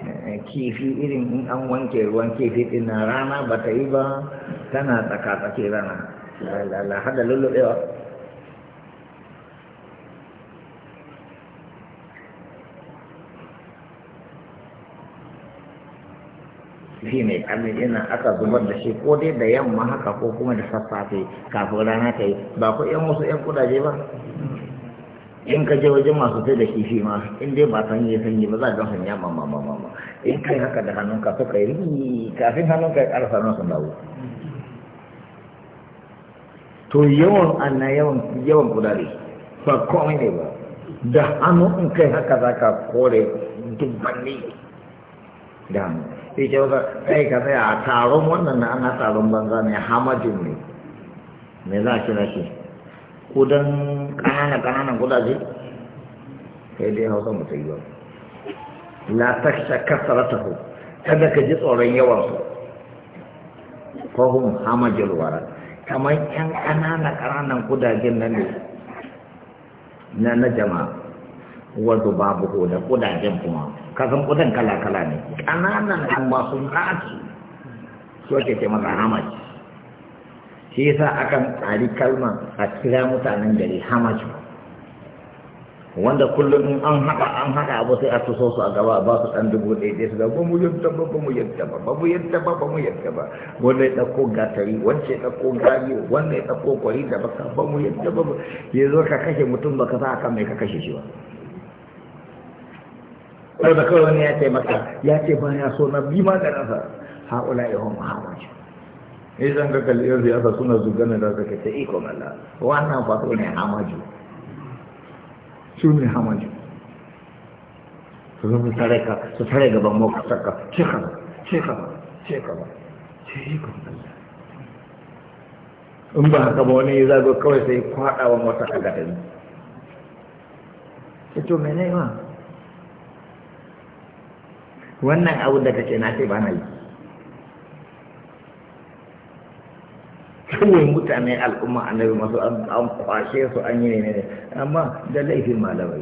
eh, kifi irin in an wanke ruwan kifi din rana ba ta yi ba tana tsaka-tsake rana la hada eh, shi mai karni ina aka zubar da shi ko dai da yamma haka ko kuma da sassafe kafin rana ta yi ba ku yan wasu yan kudaje ba in ka je wajen masu sai da kifi ma in dai ba sanyi sanyi ba za ka sanya ma ma ma ma in kai haka da hannunka suka yi kafin hannunka ya karasa nan sun dawo to yawan anna yawan yawan kudade ba komai ne ba da hannu in kai haka za ka kore dubbanni da hannu sai ce wata kai ka tsaya a taron wannan na ana taron banza ne hamajin ne me za ki rashi kudan ƙananan ƙananan gudaje kai dai hausa mu yi ba la ta ku kada ka ji tsoron yawan su fahum hamajul wara kamar yan ƙananan ƙananan kudajen nan ne na na jama'a wato babu ko da kudajen kuma kasan kudan kala-kala ne ƙananan ba sun ƙaci su ake ce masa hamaci shi yasa akan tsari kalma a kira mutanen gari hamaci wanda kullum in an haɗa an haɗa abu sai a tuso su a gaba ba su ɗan dubu ɗaya ɗaya su ga ba mu yadda ba ba mu yadda ba ba mu yadda ba ba mu yadda ba wanda ya ɗauko gatari wanda ya ɗauko gari wanda ya ɗauko kwari da baka ba mu yadda ba ya zo ka kashe mutum ba ka sa akan mai ka kashe shi ba sau da kawai wani ya ce maka ya ce ba ya so na bi maganinsa haula ihun hawaj ne zan ga kalliyar sa suna zugana da zaka ce ikon Allah wannan fato ne hamaju su ne hamaju su zama tare ka su tare gaban saka, "ce ka ba ce ka ikon Allah in ba haka ba wani zago kawai sai kwaɗa wa mota a gadani ito mene ma wannan abu da kake na ce ba na yi kawai mutane al'umma annabi masu an kwashe su an yi ne amma da laifin malamai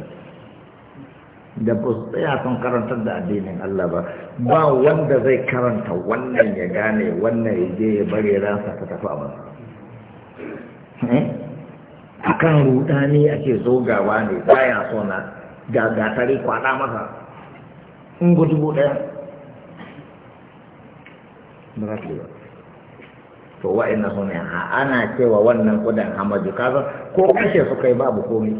da ba su tsaya sun karantar da addinin Allah ba ba wanda zai karanta wannan ya gane wannan ya je ya bari ransa ta tafi a eh? akan rudani ake zogawa ne baya so na gatari kwada masa in ku dubu ɗaya ba za ta yi ba to ina su ne ana cewa wannan kudan hamadu kaza ko kashe su kai babu komai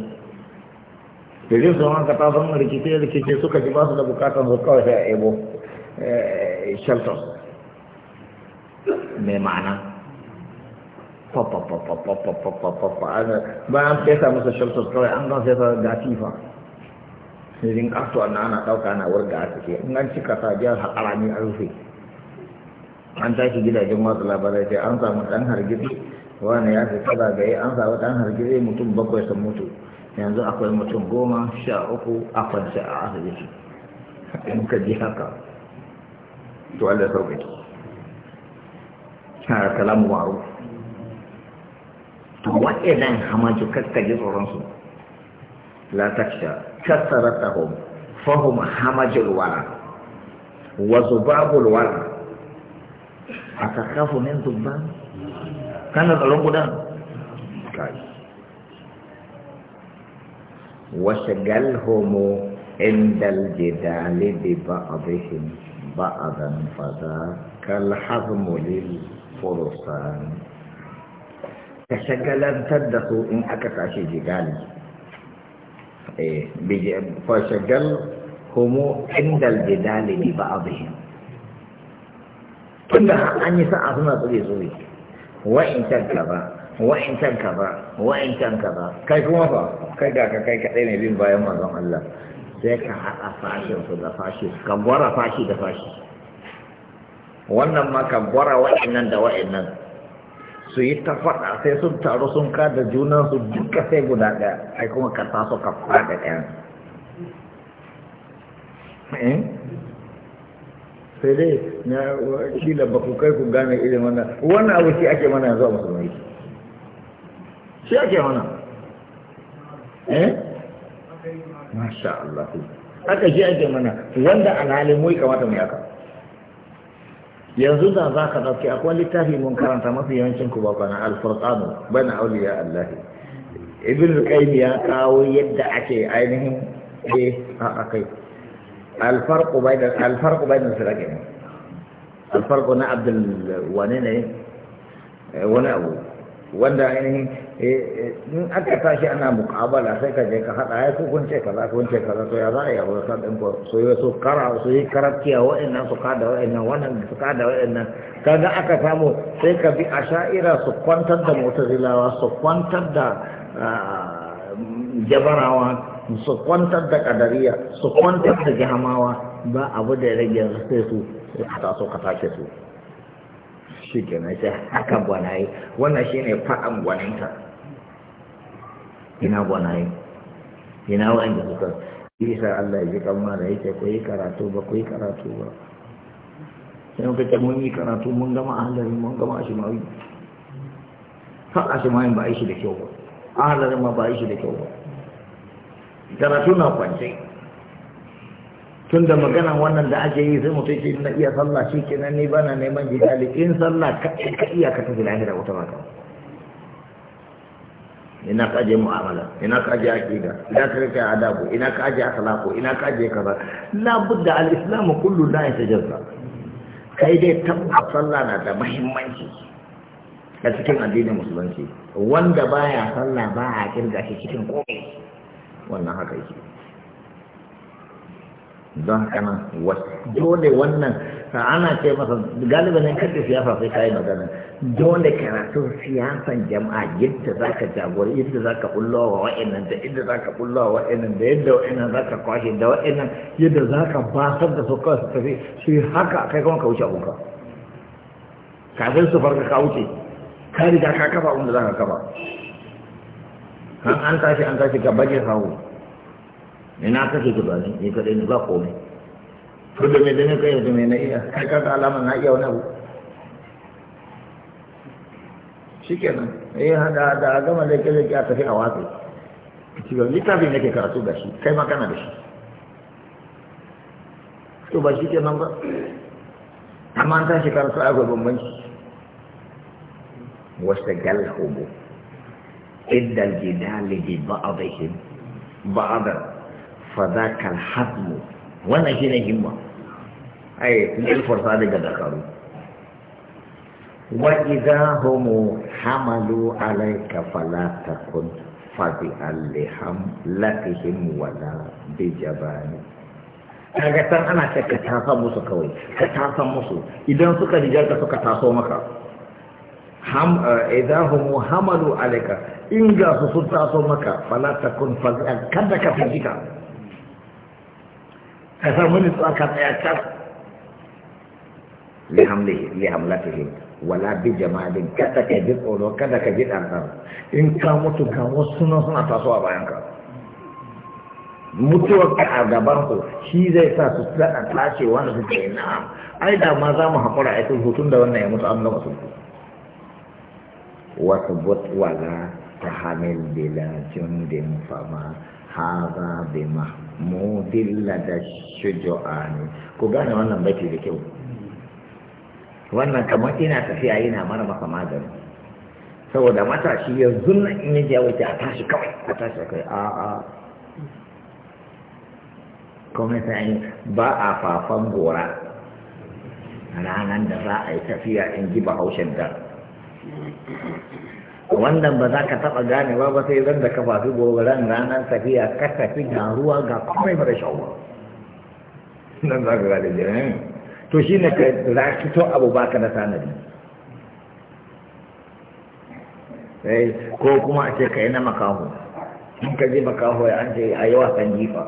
yanzu sun hanka ta zama rikice rikice suka ji ba su da bukatan su kawai sai a ebo shelter mai ma'ana bayan fesa musu kawai an gan fesa ga irin kasuwa na ana ɗauka ana warga a cike in an cika sa jihar haƙarami a rufe an tashi gidajen masu labarai sai an samu ɗan hargitsi wani ya fi kaza gaye an samu ɗan hargitsi mutum bakwai sun mutu yanzu akwai mutum goma sha uku a kwanci a asibiti in ka ji haka to Allah ha kalamu ma'ruf to waɗannan hamaci tsoron tsoronsu لا تخشى كثرتهم فهم حمج الورى وذباب الورى أتخاف من ذباب كان العلوم ده طيب. وشغلهم عند الجدال ببعضهم بعضا فذاك الحظم للفرسان أن تدخل إن أكتاشي جدالي Eh, fashagal homo indal jidali bi ba'dihim tunda an yi sa'a suna tsire tsire wa'in can kaza wa'in can kaza wa'in can kaza kai kuma fa kai ga ka kai kadai ne bin bayan manzon Allah sai ka haɗa fashin su da fashi ka gwara fashi da fashi wannan ma ka gwara wa'in nan da wa'in nan su yi ta faɗa sai sun taru sun kada junan su duka sai guda ɗaya ai kuma ka sa su ka faɗa ɗaya eh? sai dai na kila ba ku kai ku gane irin wannan wannan abu shi ake mana yanzu a musulmai shi ake mana eh masha Allah haka shi ake mana wanda alhalin mu kamata mu yaka yanzu da za ka ɗauki akwai littafi mun karanta mafi yawancin ku ba na alfurqanu bana auliya Allah ibn qayyim ya kawo yadda ake ainihin eh a akai alfarqu bayna alfarqu bayna sirajin alfarqu na abdul wani ne eh, wani abu wanda ainihin Eh, eh, in aka tashi ana muƙabala sai ka je ka haɗa ya kukun ce kaza kun ce kaza to ya za a yi abu san ɗin ko so yi su kara su yi karaftiya wa'annan su kada wa'annan wannan su kada wa'annan ga aka samu sai ka bi a sha'ira su kwantar da mutazilawa su kwantar da ah, jabarawa su kwantar da kadariya su kwantar da jihamawa ba abu da ya rage yanzu sai su ka taso ka tashi su shi kenan sai haka gwanaye wannan ne faɗan gwaninta ina yi ina wa'anda suka isa Allah ya ji kama da yake ko yi karatu ba ko yi karatu ba sai muka ce mun yi karatu mun gama ahalari mun gama ashimawi har ashimawi ba a yi shi da kyau ba ahalarin ma ba a yi shi da kyau ba karatu na kwance tun da magana wannan da ake yi sai mutum ce na iya sallah shi kenan ni bana neman jidali in sallah ka iya ka tafi lahira wata maka ina ka aje mu'amala ina ka aje aqida ina ka rike adabu ina ka aje akhlaqu ina ka aje kaza la budda al islam kullu la yatajazza kai dai tabbata sallah na da muhimmanci a cikin addinin musulunci wanda baya sallah ba a kirga shi cikin komai wannan haka yake don haka nan dole wannan ana ce masa galiba ne kake siyasa sai kayi magana dole karatu siyasan jama'a yadda za ka jagori yadda za ka bullo wa wa'annan da yadda za ka bullo wa wa'annan da yadda wa'annan za ka kwashe da wa'annan yadda za ka basar da su kawai su tafi su yi haka kai kuma ka wuce abunka kafin su farka ka wuce ka riga ka kafa abin za ka kafa an tashi an tashi ka baje sahu ina kake tunanin ni kadai ne ba komai to da me da ne kai da me na iya kai ka alama na iya wani abu shikenan eh hada da gama da kake a tafi a wasu kiga ne ke karatu da shi kai ma kana da shi to ba shi kenan ba amma an tashi karatu akwai bambanci واستجلهم إن الجدال ببعضهم بعضا fadakal hadmu wannan shi ne himma ai kun farsa daga dakaru wa idza hum hamalu alayka fala takun fadi aliham latihim wala bijabani kaga san ana ce ka tasa musu kawai ka tasa musu idan suka riga ka suka taso maka ham eh, idza hum hamalu alayka in ga su sun taso maka fala takun fadi kada ka fijika ka samu nutsuwa ka tsaya can wala bi jama'in kada ka ji tsoro kada ka ji ɗanɗan in ka mutu ga wasu nan suna tasowa bayan ka mutuwar ka a gaban ku shi zai sa su daɗa tashi wanda su ce na ai da ma za mu haƙura a cikin hutun da wannan ya mutu an gama sulhu wasu bot wala ta hamil bila jundin fama haza bi mahmud mudilla da shujo'ani ku gane wannan baiti da kyau wannan kamar ina tafiya yana mara maka magani saboda matashi yanzu zunna in yi jawo ta tashi kawai a tashi kai a a kome ta yi ba a fafan gora ranar da za a yi tafiya in ji bahaushen da wannan ba za ka taɓa gane ba ba sai zan da ka fafi gobaran ranar tafiya ka tafi ga ruwa ga komai ba da nan za ka gane jirin to shi ne ka rakito abu ba ka na sanadi. Eh, ko kuma a ce ka yi na makaho in ka ji makaho ya an ce a yi wasan jifa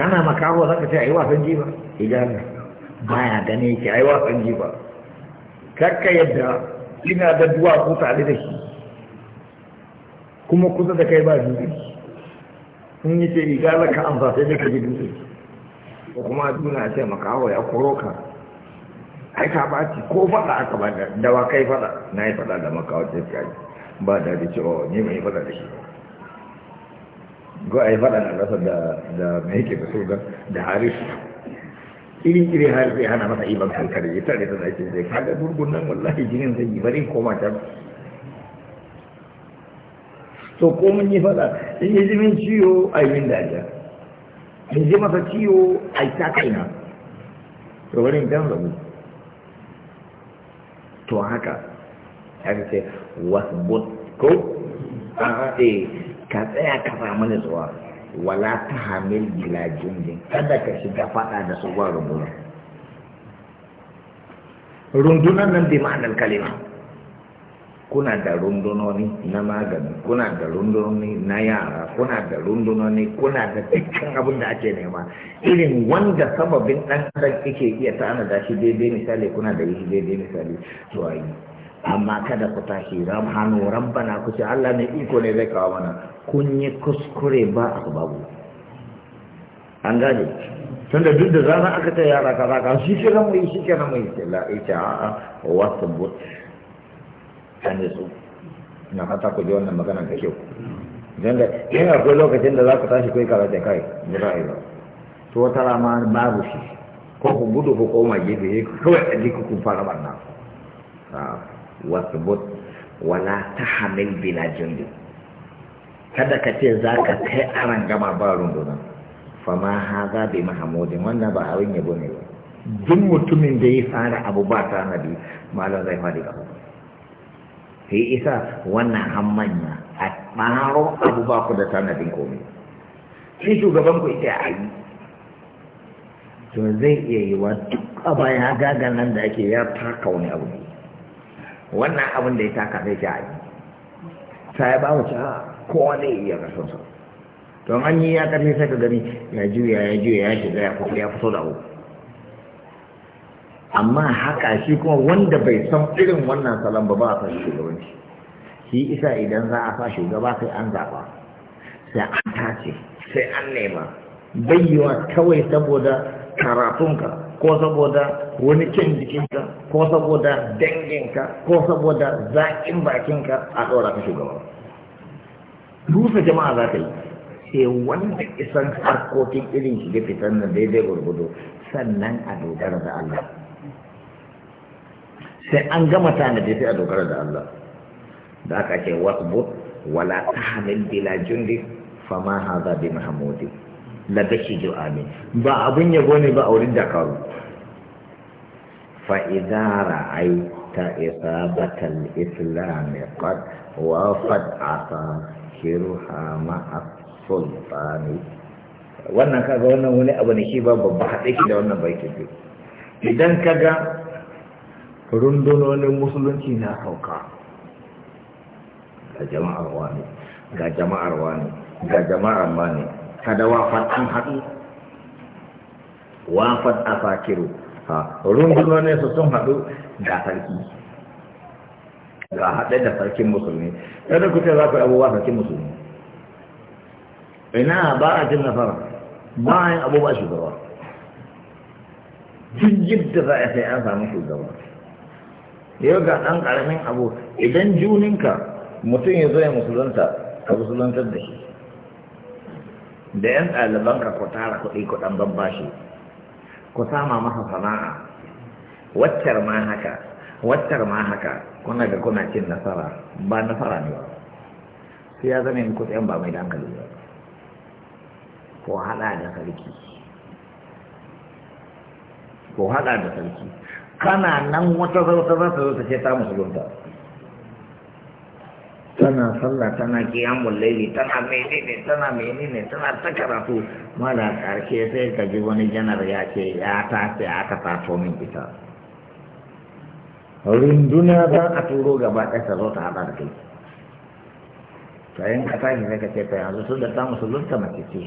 kana makaho za ka ce a yi wasan jifa idan baya gane ki a yi wasan jifa kakka yadda ina da duwatsu tare da shi kuma kusa da kai ba dutse sun yi ce igala ka amsa sai da ka ji dutse ko kuma duna ce makawa ya koro ka ai ka baci ko fada aka ba da wa kai fada na yi fada da makawa ce ka yi ba da da cewa ne mai fada da shi ko ai fada na rasa da mai ke da soga da harisu iri iri har zai hana masa iban kankare ya tare da zaki zai kaga durgun nan wallahi jinin zai yi bari koma can to ko mun yi fada in yi jimin ciwo a yi min dariya in ji masa ciwo a yi ta kaina to bari dan rabu to haka haka wasu wasbut ko a eh, ka tsaya ka samu nutsuwa wala ta hamil bila jundin kada ka shiga faɗa da su ba rundunar rundunar nan bi ma'anar kalima kuna da rundunoni na magani kuna da rundunoni na yara kuna da rundunoni kuna da dukkan abin da ake nema irin wanda sababin dan adam yake iya da shi daidai misali kuna da shi daidai misali to yi amma kada ku tashi ram hannu rabbana ku ce Allah ne iko ne zai kawo mana kun yi kuskure ba a babu an gane tunda duk da zana aka ta yara ka zaka shi ke na mai shi ke na mai ke la ita a wasu but an yi su na hata ku ji wannan magana da kyau don da yana akwai lokacin da za ku tashi kai da kai ba za a yi ba to wata rama babu shi ko ku gudu ku koma gefe kawai a ji kun fara barna wasu but wala ta hamil na jundin kada ka ce za ka kai aran gama ba nan. fama ha za bi mahamudin wannan ba abin yabo ne ba duk mutumin da ya fara abu ba ta nabi malam zai faɗi gaba sai isa wannan hammanya a ɓaro abu ba ku da ta nabi komai shi shugaban ku ita a yi to zai iya yi wa duk a bayan gagan nan da ake ya taka wani abu ne wannan abin da ya taka zai ta a yi ta ya ba ci kowa iya don an yi ya karfe sai ka gani ya juya ya juya ya shiga ya kuma ya fito da abu amma haka shi kuma wanda bai san irin wannan salon ba ba a san shugabanci shi isa idan za a sa shugaba sai an zaba, sai an tace sai an nema bayyawa kawai saboda karatunka ko saboda wani kyan jikinka ko saboda danginka ko saboda zaƙin bakinka a ɗora ka shugaba rusa jama'a za ta yi sai wanda isan harkokin irin shi da na daidai gurgudu sannan a dogara da Allah sai an gama na sai a dogara da Allah da aka ce wasbut wala hamil bila jundi fama haza bi mahmudi la bashidu amin ba abun yabo ne ba a wurin dakaru fa idza ra'aita isabata al-islam qad asa Hama, ma'a sultani wannan kaga wannan wani abu ne shi ba babba haɗe shi da wannan baitin biyu idan kaga rundunonin musulunci na sauka ga jama'ar wani ga jama'ar wani ga jama'ar wani kada wafat an haɗu wafat a fakiru rundunonin su sun haɗu ga sarki ga haɗe da sarkin musulmi kada ku ce za ku abubuwa sarkin musulmi ina ba a cin nasara ba a yin abubuwa shugaba duk yadda za a sai an samu shugaba yau ga ɗan ƙaramin abu idan juninka mutum ya zo ya musulunta ka musulantar da shi da yan ɗalibanka ku tara kuɗi ku ɗan babbashi ku sama masa sana'a waccar ma haka waccar ma haka kuna ga kuna cin nasara ba nasara ne ba sai ya zama yin kutsen ba mai dankali ba ko hada da sarki ko hada da sarki kana nan wata zauta za ta zo ta ce ta musulunta tana sallah tana kiyamun laili tana menene tana menene tana ta karatu mala karshe sai ka ji wani janar ya ce ya tafi aka taso min fita. duniya za a turo gaba ɗaya ta zo ta haɗa da kai sayan ka tashi sai ka ce ta yanzu tun da ta musulunta mace ce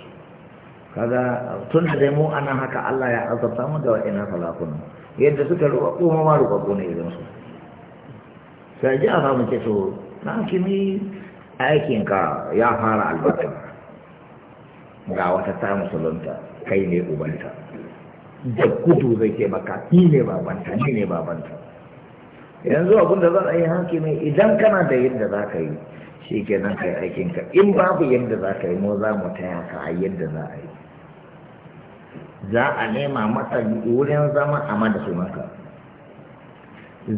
kaga tun da dai mu ana haka Allah ya azabta mu da wa'ina salakun yadda suka ruwa kuma ma ruwa gona irin su sai ji a samu ce to na kimi aikin ka ya fara albarka ga wata ta musulunta kai ne ubanta da kudu zai ce maka ni ne babanta ni ne babanta yanzu abin da zan a yi hanki ne idan kana da yadda za ka yi shi ke nan ka yi aikinka in babu yadda za ka yi mu za mu taya ka a yadda za a yi za a nema masa wurin zama a ma da sunanka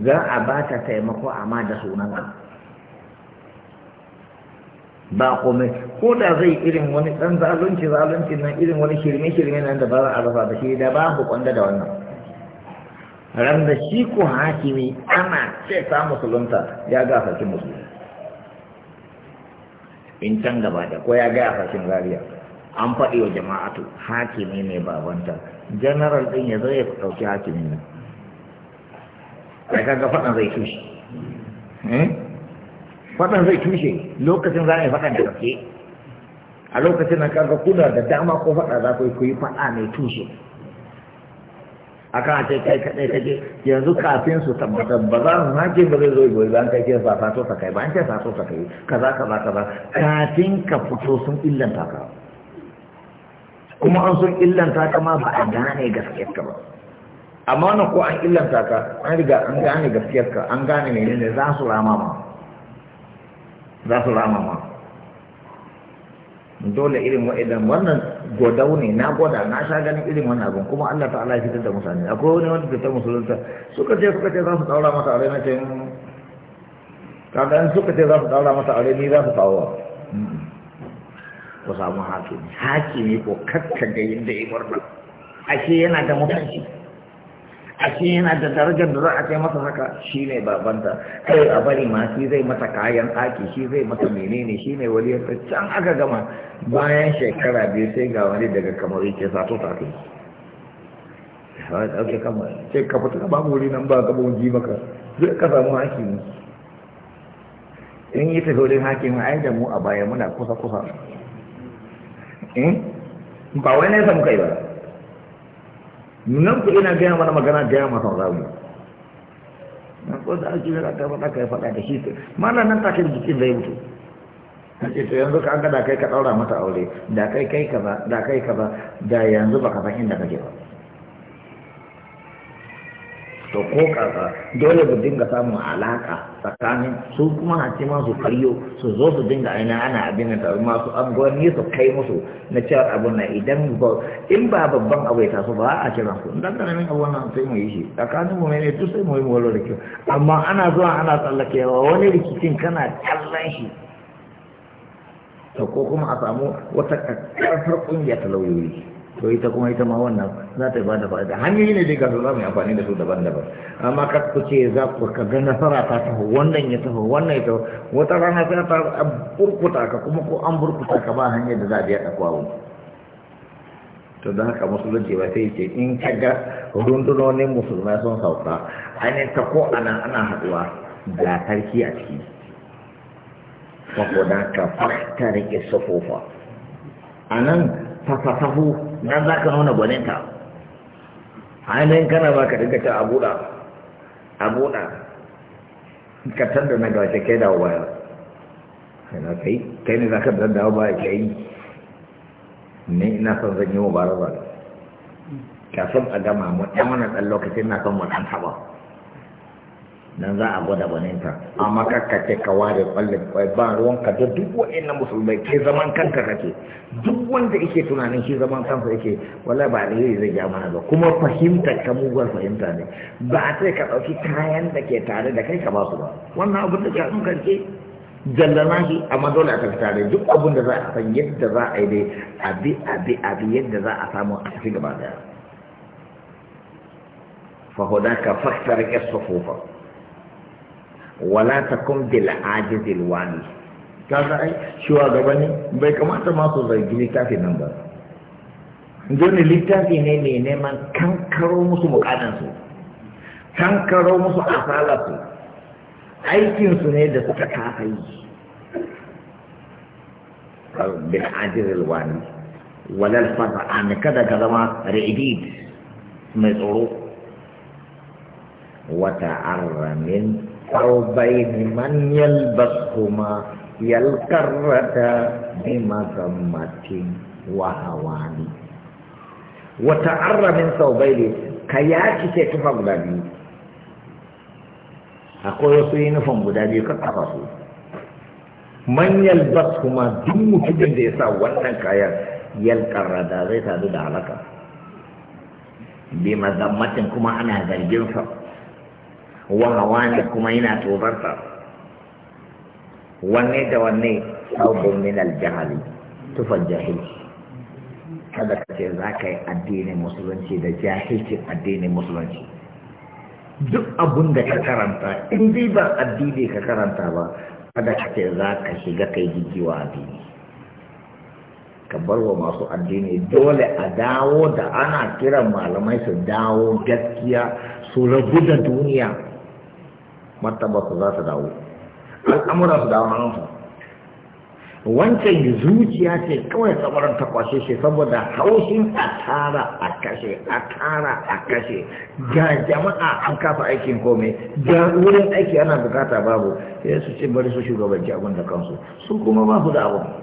za a ba ta taimako a ma da sunanka ba komai ko da zai irin wani ɗan zalunci zalunci nan irin wani shirme shirme nan da ba za a rasa da shi da ba ku kwanda da wannan ran da shi ko hakimi ana ce ta musulunta ya ga sarkin musulunta in can gaba da ko ya ga sarkin zariya an faɗi wa jama'atu hakimi ne babanta general ɗin ya zo ya ɗauki hakimin nan kai kaga faɗan zai tushe eh? faɗan zai tushe lokacin za a yi faɗan da gaske a lokacin na kaga kuna da dama ko faɗa za ku yi faɗa mai tushe akan a ce kai ka kake yanzu kafin su tabbatar ba za su hakin ba zai zo yi ba kai ke ba sato ka kai ba an ce sato ka kai kaza kaza kaza kafin ka fito sun illanta ka kuma an sun illanta ka ma ba a gane gaskiyar ka ba amma wannan ko an illanta ka an riga an gane gaskiyar ka an gane menene za su rama ma za su rama ma dole irin wa'idan wannan godau ne na goda na sha ganin irin wannan abin kuma Allah ta'ala ya fitar da mutane akwai wani wanda fitar musulunta suka ce suka ce za su daura masa aure na ce mm, kaga suka ce za su daura masa aure ni za su kawo ku samu haƙi ne ko kakkaga da ya barba. ashe yana da mutunci ake yana da darajar da za a kai masa haka shi ne babanta kai a bari ma shi zai masa kayan aki. shi zai masa menene shi ne wani yasa can aka gama bayan shekara biyu sai ga wani daga kamar yake sato ta kai kama ce ka fita ba wuri nan ba ka maka zai ka samu hakimi in yi ta wurin hakin ai da mu a baya muna kusa kusa eh? ba wai nesa mu kai ba nan ku ina gaya mana magana gaya masa zamu na ko da ake da ta faɗa kai faɗa da shi mana nan take jikin da ya mutu kace to yanzu ka an da kai ka daura mata aure da kai kai kaza da kai kaza da yanzu baka san inda kake ba to ko kasa dole mu dinga samun alaka tsakanin su kuma hatima su karyo su zo su dinga aina ana abin da masu ne su kai musu na cewar abun na idan ba in ba babban abu ya taso ba a kiran su dan karamin abu wannan sai mu yi shi tsakanin mu ne duk sai mu yi wallo da kyau amma ana zuwa ana tsallakewa wani rikicin kana kallon shi to ko kuma a samu wata ƙarfar ƙungiyar ta lauyoyi to ita kuma ita ma wannan za ta ba da fa'ida hanyoyi ne dai ga amfani da su daban-daban amma ka ku ce za ku ka ga nasara ta taho wannan ya taho wannan ya taho wata rana sai ta burkuta ka kuma ko an burkuta ka ba hanyar da za a biya ɗakuwa to da haka musulunci ba sai ce in ka ga rundunonin musulmai sun sauka ainihin ta ko ana ana haɗuwa da sarki a ciki saboda ka fahimta rike sufofa a nan fasafahu nan za ka nuna gwaninka ainihin kana ba ka dinga ta abuɗa abuɗa ka da na gawace kai dawo baya yana kai kai ne za ka tanda dawo baya kai ne ina son zan yi wa bara ba san a gama mu ɗan wani ɗan lokacin na son mu ɗan taɓa nan za a gwada gwaninta amma kakka ce ka ware ƙwallin ƙwai, ba ruwanka da duk wa'in na musulmai ke zaman kanka kake duk wanda yake tunanin shi zaman kansa yake wala ba da yi zai mana ba kuma fahimtar ka muguwar fahimta ne ba a sai ka ɗauki kayan da ke tare da kai ka ba su ba wannan abin da ke an karke jallana shi amma dole a tafi tare duk abin da za a san yadda za a yi dai abi abi abi yadda za a samu a tafi gaba daya fa hudaka faktar yasufufa wala takum bil ajizil wani kaga ai ne bai kamata ma su zargi littafin nan ba dole littafi ne mai neman kankaro musu mukadansu kankaro musu asalarsu su ne da suka kafa yi bin ajiyar wani walal fasa an kada ka zama ra'idid mai tsoro wata arramin taubai man yalbas kuma yalkarrata bi mazammatin wa hawani wa ta'arra min sawbaili ka yaki ce tufa guda biyu akwai wasu yunifon guda biyu ka kafa su man yalbas kuma duk mutumin da ya sa wannan kayan yalkarrata zai sadu da halaka bi mazammatin kuma ana zargin sa wa hawani kuma yana tozarta wanne da wanne saubun minal jahali, tufan jahilci kada ka ce za ka yi addinin musulunci da jahilcin addinin musulunci duk abun da ka karanta in bi ba addini ka karanta ba kada ka ce za ka shiga kai gigiwa addini ka bar wa masu addini dole a dawo da ana kiran malamai su dawo gaskiya su ragu da duniya martaba su za su dawo al'amura su da wancan zuciya ce kawai tsamarin ta kwashe shi saboda haushin a tara a kashe a tara a kashe ga jama'a an kafa aikin komai ga wurin aiki ana bukata babu sai su ce bari su shugabanci abin da kansu su kuma ba su da abin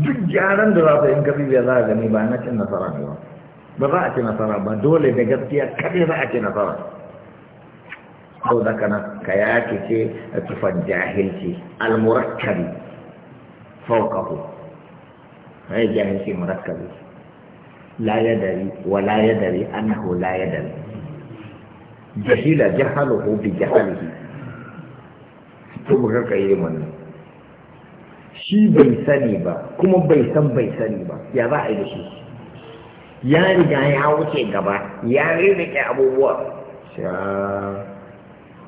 duk gyaran da za su yin kafi bai za a gani ba na cin nasara ne ba ba za a ci nasara ba dole da gaskiya kaɗai za a ci nasara sau da kana ka yaki ce a tufan jahilci almurakkabi faukahu yi jahilci murakkabi Layadari wa layadari yadari annahu layadari. jahila jahaluhu bi jahalihi to mu ka yi wannan shi bai sani ba kuma bai san bai sani ba ya za a yi da shi ya riga ya wuce gaba ya rirrike abubuwa Sha.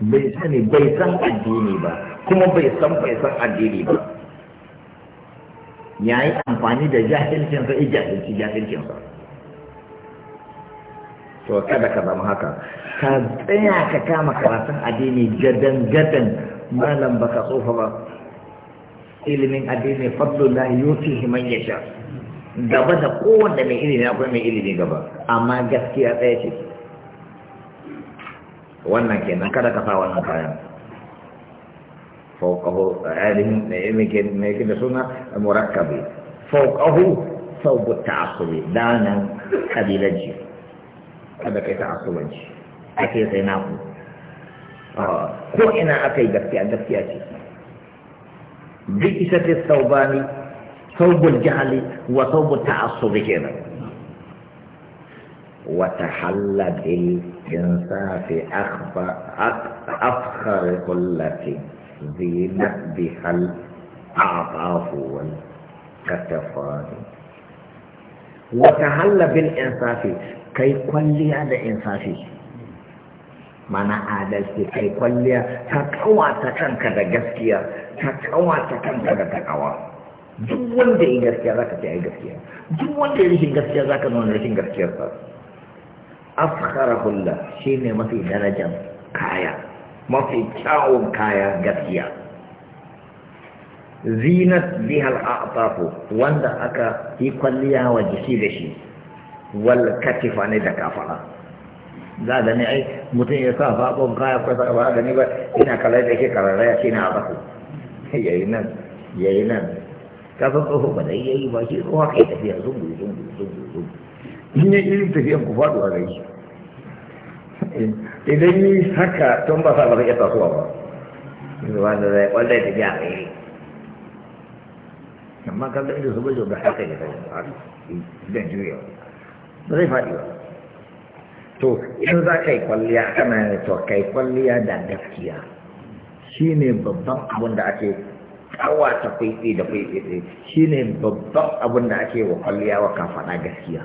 bai sani bai san addini ba kuma bai san bai san addini ba ya yi amfani da jahilcinsa i jahilci jahilcinsa to kada ka zama haka ka tsaya ka kama karatun addini gadan gadan malam baka tsofa ba ilimin addini la yutihi man yasha gaba da kowanne mai ilimi akwai mai ilimi gaba amma gaskiya tsaya ce wannan kenan kada ka sa wannan kayan fauqahu alim ne yake ne yake da suna murakkabi fauqahu saubu ta'assubi danan kabilanci kada kai ta'assubanci ake sai na ku. Ah, ko ina aka yi gaskiya gaskiya ce bi isati saubani saubul jahli wa saubu ta'assubi kenan وتحل بالإنصاف أفخر قلة ذي بها الأعطاف والكتفان وتحل بالإنصاف كي كل هذا إنصاف معنى عادلت كي كل تقوى تكن كذا جسكيا تقوى تكن كذا تقوى دون دي جسكيا ذاك تي جسكيا دون دي جسكيا ذاك نون رشين جسكيا ذاك afkharahullah shine mafi darajar kaya mafi kyawun kaya gaskiya zinat bihal a'tafu wanda aka yi kwalliya wa jiki da shi wal katifa ne da kafara za a ne ai mutum ya sa faɓon kaya kwasa ba a gani ba ina kalar da ke kararraya shi na abaku yayi nan yayi nan Kasan, tsoho ba da yayi ba shi tsoho kai tafiya zungu zungu zungu zungu in yi irin tafiyan ku faɗo a gai eh, idan yi haka tun ba sa ba zai iya tasowa ba da zai ta tafiya a yi. amma kan da irin su bajo da haka yi kai idan juya ba zai faɗi ba to in za ka yi kwalliya kana to ka yi kwalliya da gaskiya Shi ne babban abin da ake kawata ta kwaifi da kwaifi shi ne babban abin da ake wa kwalliya wa kafaɗa gaskiya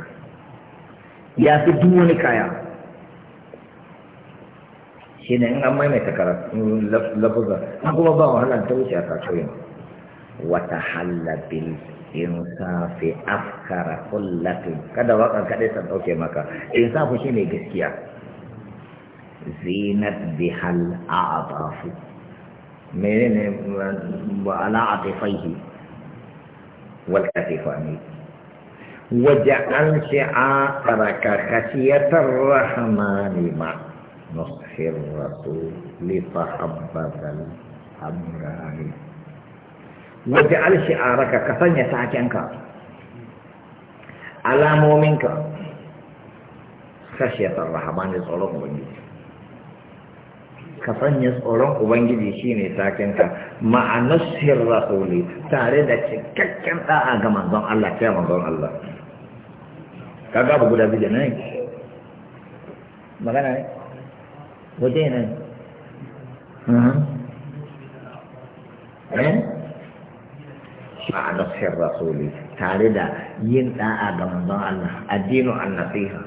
ya fi duk wani kaya shi ne in an maimaita karatu lafuzar an kuma ba wahala ta wuce a kacauyin wata hallabin insafi afkara kullatin kada wakan kaɗai san ɗauke maka insafu shi ne gaskiya zinat bihal a'atafu menene wa ala atifaihi wal katifani waje an ce a tsaraka kasiyatar rahamani ma nufirratu lifa abbatan amurari waje an ce a raka ka sanya takenka alamominka kasiyatar rahamani tsoron ubangiji ka sanya tsoron ubangiji shi ne takenka ma'anar shirratu ne tare da cikakken ɗa'a ga manzon allah allah kaga abu guda biyu nan magana ne waje ne eh sha'adar sir rasuli tare da yin da'a ga manzon Allah addinu an nasiha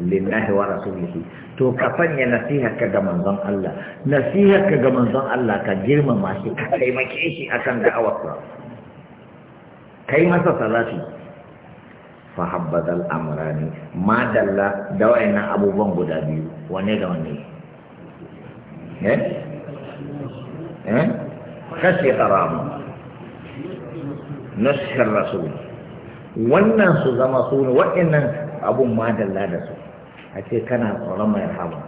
lillahi wa rasulihi to ka fanya nasiha ka ga manzon Allah nasiha ka ga manzon Allah ka girmama shi ka taimake shi akan sa, kai masa salati fahabbadal amrani ma dalla da wayannan abubuwan guda biyu wane da wanne eh eh kashi haram nashar rasul wannan su zama su ne wayannan abun ma dalla da su a ce kana tsoron mai rahama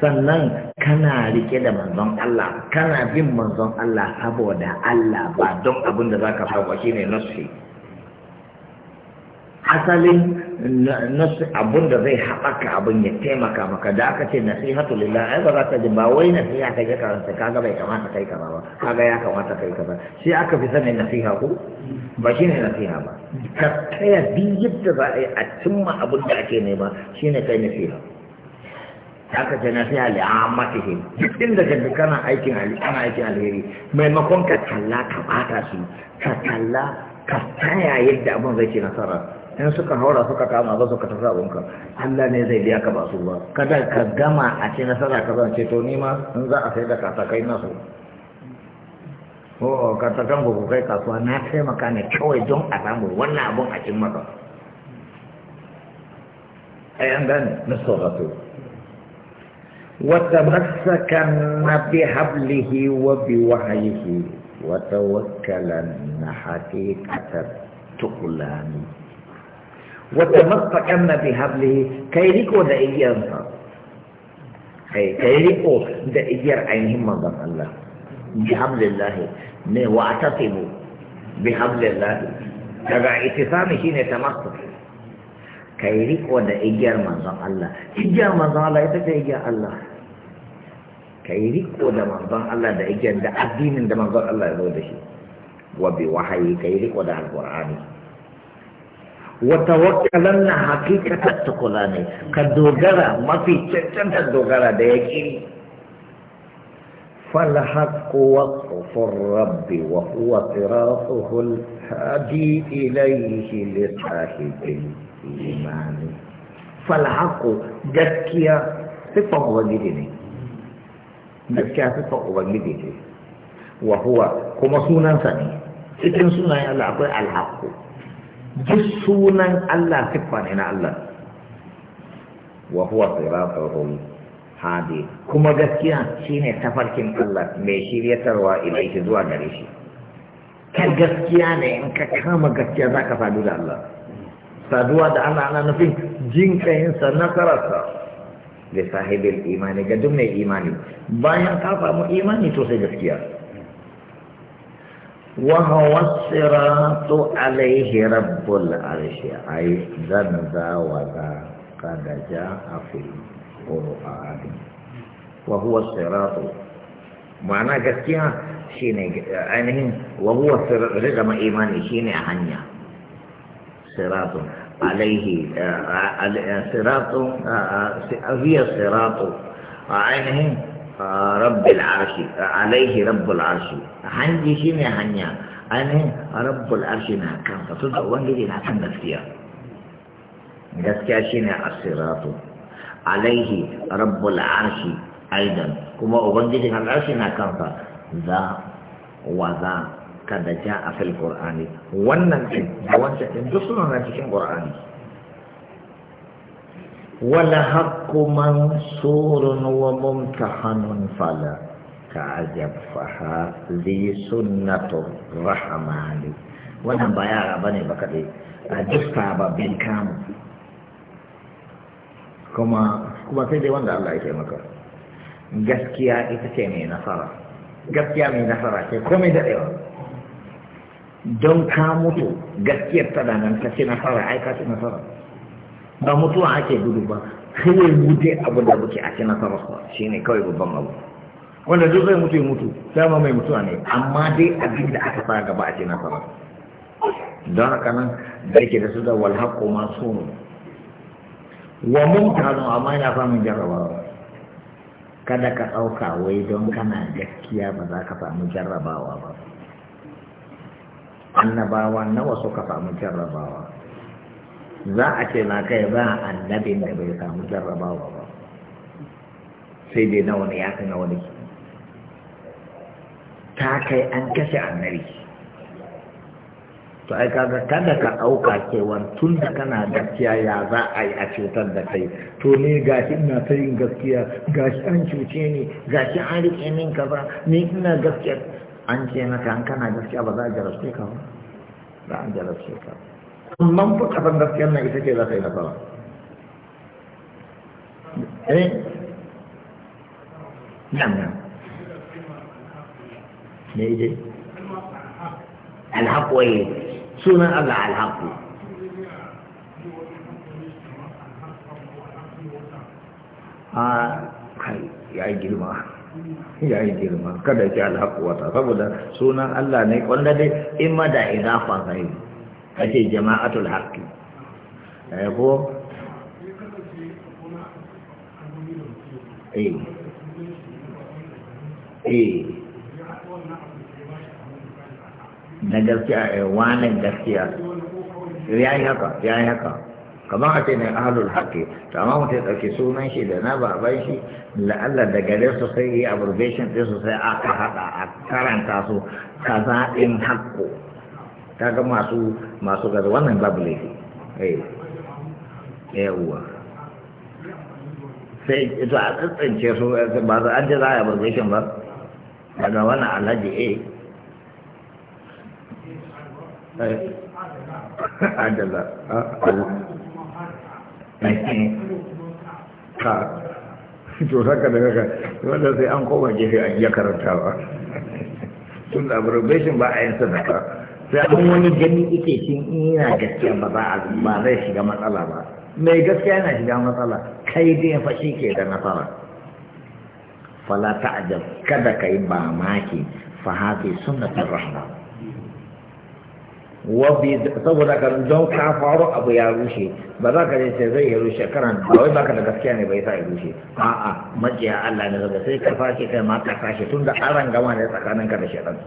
sannan kana rike da manzon Allah kana bin manzon Allah saboda Allah ba don abin da zaka saba shine nashar asalin abun da zai haɓaka abin ya taimaka maka da aka ce nasihatu lillah ai ba za ta ji ba wai nasiha ka je karanta kaga bai kamata kai ka ba kaga ya kamata kai ba sai aka fi sanin nasiha ko ba shine nasiha ba ka taya bi yadda za a yi a cimma abin da ake nema shine kai nasiha aka ce nasiha li ammatihim inda ka kana aikin kana aikin alheri maimakon ka talla, ka bata su ka talla, ka taya yadda abin zai ci nasara in suka haura suka kama ba suka tafi abinka Allah ne zai biya ka ba su ba kada ka gama a ce nasara ka zan ce to ni ma in za a sai da katakai na su ko oh, katakan ku kai kasuwa na taimaka ne kawai don a samu wannan abun a cin maka ai an gane na sauratu وتمسكن بحبله وبوحيه na حقيقة التقلاني wata mafakan na fi hable kai riko da igiyarsa kai riko da igiyar ainihin manzan Allah bi hablillahi ne wa a tasibu bi hablillahi daga itisami shine tamassuk kai riko da igiyar manzan Allah igiyar manzan Allah ita ce igiyar Allah kai riko da manzon Allah da igiyar da addinin da manzon Allah ya zo da shi wa bi wahayi kai riko da alqur'ani وتوكلن حقيقة التقلان كدوغرة ما في تشتن الدوغرة ديكي فالحق وقف الرب وهو صراطه الهادي إليه لصاحب الإيمان فالحق جكيا صفة وجدني جكيا صفة وجدني وهو كما سنة إذن سنة يلعب الحق duk sunan Allah siffa ne na Allah wa huwa siratul hadi kuma gaskiya shine tafarkin Allah mai shiryatarwa ilaihi zuwa gare shi kan gaskiya ne in ka kama gaskiya zaka sadu da Allah saduwa da Allah ana nufin jin na karasa. da sahibin imani ga duk mai imani bayan ka samu imani to sai gaskiya وهو الصراط عليه رب العرش أي ذنب وذا قد جاء في القرآن وهو الصراط معنى قسيا شيني يعني وهو رغم إيماني شيني عنيا صراط عليه آه، آه، آه، صراط هي صراط عينه rabbil arshi alaihi rabbul arshi hanji shi shine hanya ainihin rabbul arshi na kansa tun da ubangiji na kan gaskiya gaskiya ne asiratu alaihi rabbul arshi aidan kuma ubangijin al'arshi na kansa za wa za kada ja a fil qur'ani wannan din da wancan din duk suna cikin qur'ani Wala والحق منصور وممتحن فلا تعجب فهذه سنة الرحمن wannan ba yara ba ne ba kaɗai a ba bin kamu kuma kuma sai dai wanda Allah ya maka gaskiya ita ce mai nasara gaskiya mai nasara ce komai daɗewa don ka mutu gaskiyar tana nan ta ce nasara ai ka ce nasara ba mutuwa ake gudu ba sai ya wuce abin da muke ake nasararsa shi ne kawai babban abu wanda duk zai mutu ya mutu ma mai mutuwa ne amma dai abin da aka fara gaba cikin nasara don haka nan da yake da su da walhaƙo masu wa mun tanu amma yana min jarraba kada ka ɗauka wai don kana gaskiya ba za ka samu jarrabawa ba annabawa nawa suka samu jarrabawa za a ce na kai ba annabi da bai samu jarrabawa ba sai dai na wani ya na wani ta kai an kashe annabi to ai kaga kada ka auka cewar tun da kana gaskiya ya za a yi a cutar da kai to ne shi ina ta yin gaskiya gashi an cuce ni gashi an riƙe min kaza ni ina gaskiya an ce maka an kana gaskiya ba za a jarabce ka ba za a jarabce ka ba amma fa kasan gaskiyar nan ita ce za ta yi nasara eh nan nan ne ide alhaku waye sunan Allah alhaku a ah, kai ya yi girma ya yi girma kada ki alhaku wata saboda sunan Allah ne wanda dai in ma da idafa sai kace jama'atul haqqi eh ko eh eh na gaskiya wanan gaskiya ya yi haka ya yi haka kamar a ce ne ahalul haƙi to amma mutum ya ɗauki sunan shi da na baban shi la'alla da gare su sai yi abrubation ɗin su sai aka haɗa a karanta su kaza ɗin haƙƙo kaga masu masu gaza wannan babu laifi eh yawa sai ita a tsantsance su ba za an ji za a yi ba daga wannan alhaji eh adala ka ah, to haka da haka wanda sai an koma gefe an iya karantawa tun da abrogation ba a yin sadaka sai an wani gani ike shi ina gaskiya ba za a ba zai shiga matsala ba mai gaskiya yana shiga matsala kai dai fa shi ke da nasara fala ajab kada kai ba maki fa hadi sunnatur rahma wa bi saboda kan don ka faru abu ya rushe ba za ka sai zai ya rushe karan ba wai baka da gaskiya ne bai sa ya rushe a'a majiya Allah ne zaka sai ka fashe kai ma ka fashe tunda aran gama ne tsakaninka da shaitan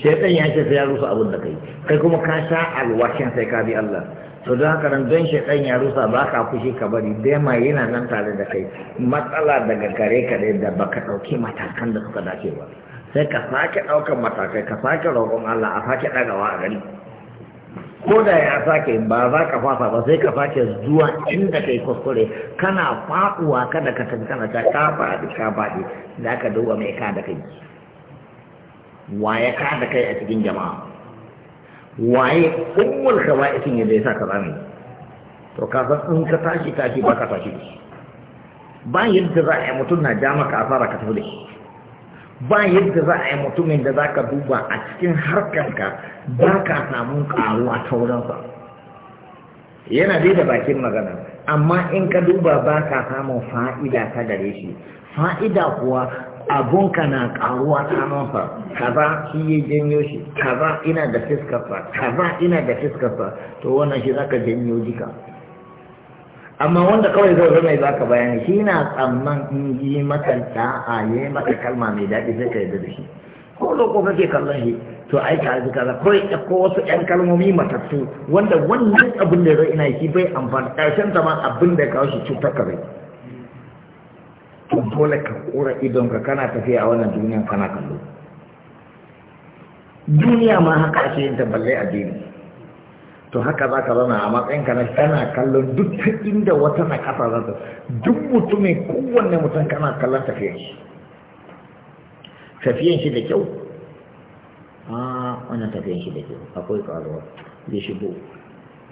shaitan ya ce sai ya rusa abin da kai kai kuma ka sha alwashin sai ka bi Allah to don haka don shaitan ya rusa ba ka fushi ka bari mai yana nan tare da kai matsala daga gare ka dai da baka ɗauki matakan da suka dace ba sai ka sake daukan matakai ka sake roƙon Allah a sake ɗagawa a gari ko da ya sake ba za ka fasa ba sai ka sake zuwa inda kai kuskure kana faɗuwa kada ka tafi kana ta ka faɗi ka faɗi za ka duba mai ka da kai waye ka da kai a cikin jama'a waye ummul khawaifin ya da sa ka zame to ka san in ka tashi tashi ba ka tashi ba yadda za a yi mutum na ja maka asara ka tafi ba yadda za a yi mutumin da za ka duba a cikin harkarka ba ka samun karuwa ta wurinsa yana dai da bakin magana amma in ka duba ba ka samun fa'ida ta gare shi fa'ida kuwa abunka na karuwa tsanonsa kaza shi yi janyo shi kaza ina da fiskarsa kaza ina da fiskarsa to wannan shi zaka janyo jika amma wanda kawai zai zama ya zaka bayani shi na tsamman in yi maka da'a ya yi mata kalma mai daɗi sai ka yadda da shi ko loko kake kallon shi to ai ka ji kaza ko ya ko wasu ƴan kalmomi matattu wanda wannan abin da zai ina shi bai amfani ƙarshen ta ma abin da ya kawo shi cutar ka bai to dole ka kura idon ka kana tafiya a wannan duniya kana kallo duniya ma haka ake yin ta balle addini to haka za ka zana a matsayin ka na kana kallon duk inda wata na kasa za ta duk mutumin kowanne mutum kana kallon tafiyan shi tafiyan shi da kyau a wannan tafiyan shi da kyau akwai karuwa zai shigo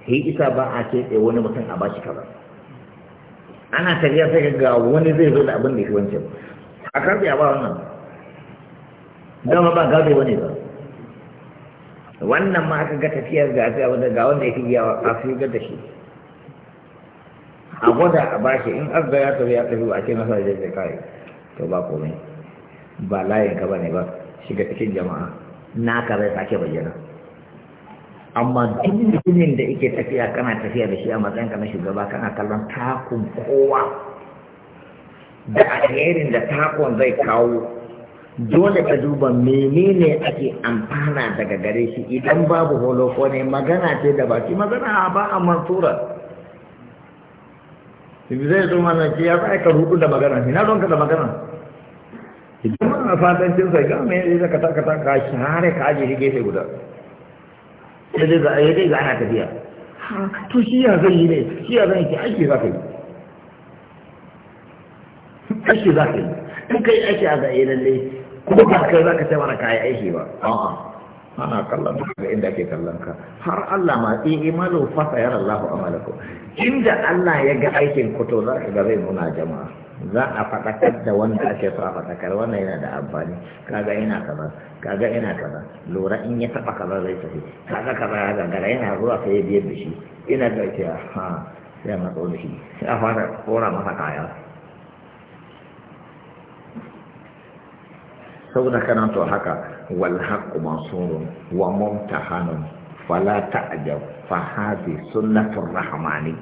shi isa ba a keɓe wani mutum a shi kaza ana tafiya sai ga wani zai zo da abin da ya wancan a karfe a ba wannan dama ba gado wani ba wannan ma aka ga tafiyar ga ta wanda ga wanda yake yawa a ga da shi a gwada a bashi in azza ya tafi ya tafi ba a ce masa da zai kai to ba komai ba layin ka bane ba shiga cikin jama'a Na ka zai sake bayyana amma duk mutumin da yake tafiya kana tafiya da shi a matsayin kana shugaba kana kallon takun kowa da alherin da takun zai kawo dole ka duba menene ake amfana daga gare shi idan babu holoko ne magana ce da shi magana a ba a mansurar ibi zai zo mana ce ya sai ka rudu da magana na don ka da magana idan mana fatancin sai ga me zai ka taka taka share ka aje gefe guda sai dai ga ya eh, dai ga ana tafiya to shi ya zai yi ne shi ya zai yi aiki za ka yi aiki za ka yi in kai aiki a zai eh, lalle kuma ba kai za ka ce mana kayan aiki ba ana kallon ka inda ke kallon ka har Allah ma in eh, imalu fasa yara Allahu amalaku inda Allah ya ga aikin ku to za ka ga zai nuna jama'a za a faɗakar da wanda ake so a faɗakar wannan yana da amfani kaga ina kaza kaga ina kaza lura in ya taɓa kaza zai tafi kaga kaza ya gangara yana zuwa sai ya biyar da shi ina da ke ha sai na tsoro shi sai a fara kora masa kaya saboda kana to haka wal haqqu mansurun wa mumtahanun fala ta'jab fa hadhi sunnatur rahmani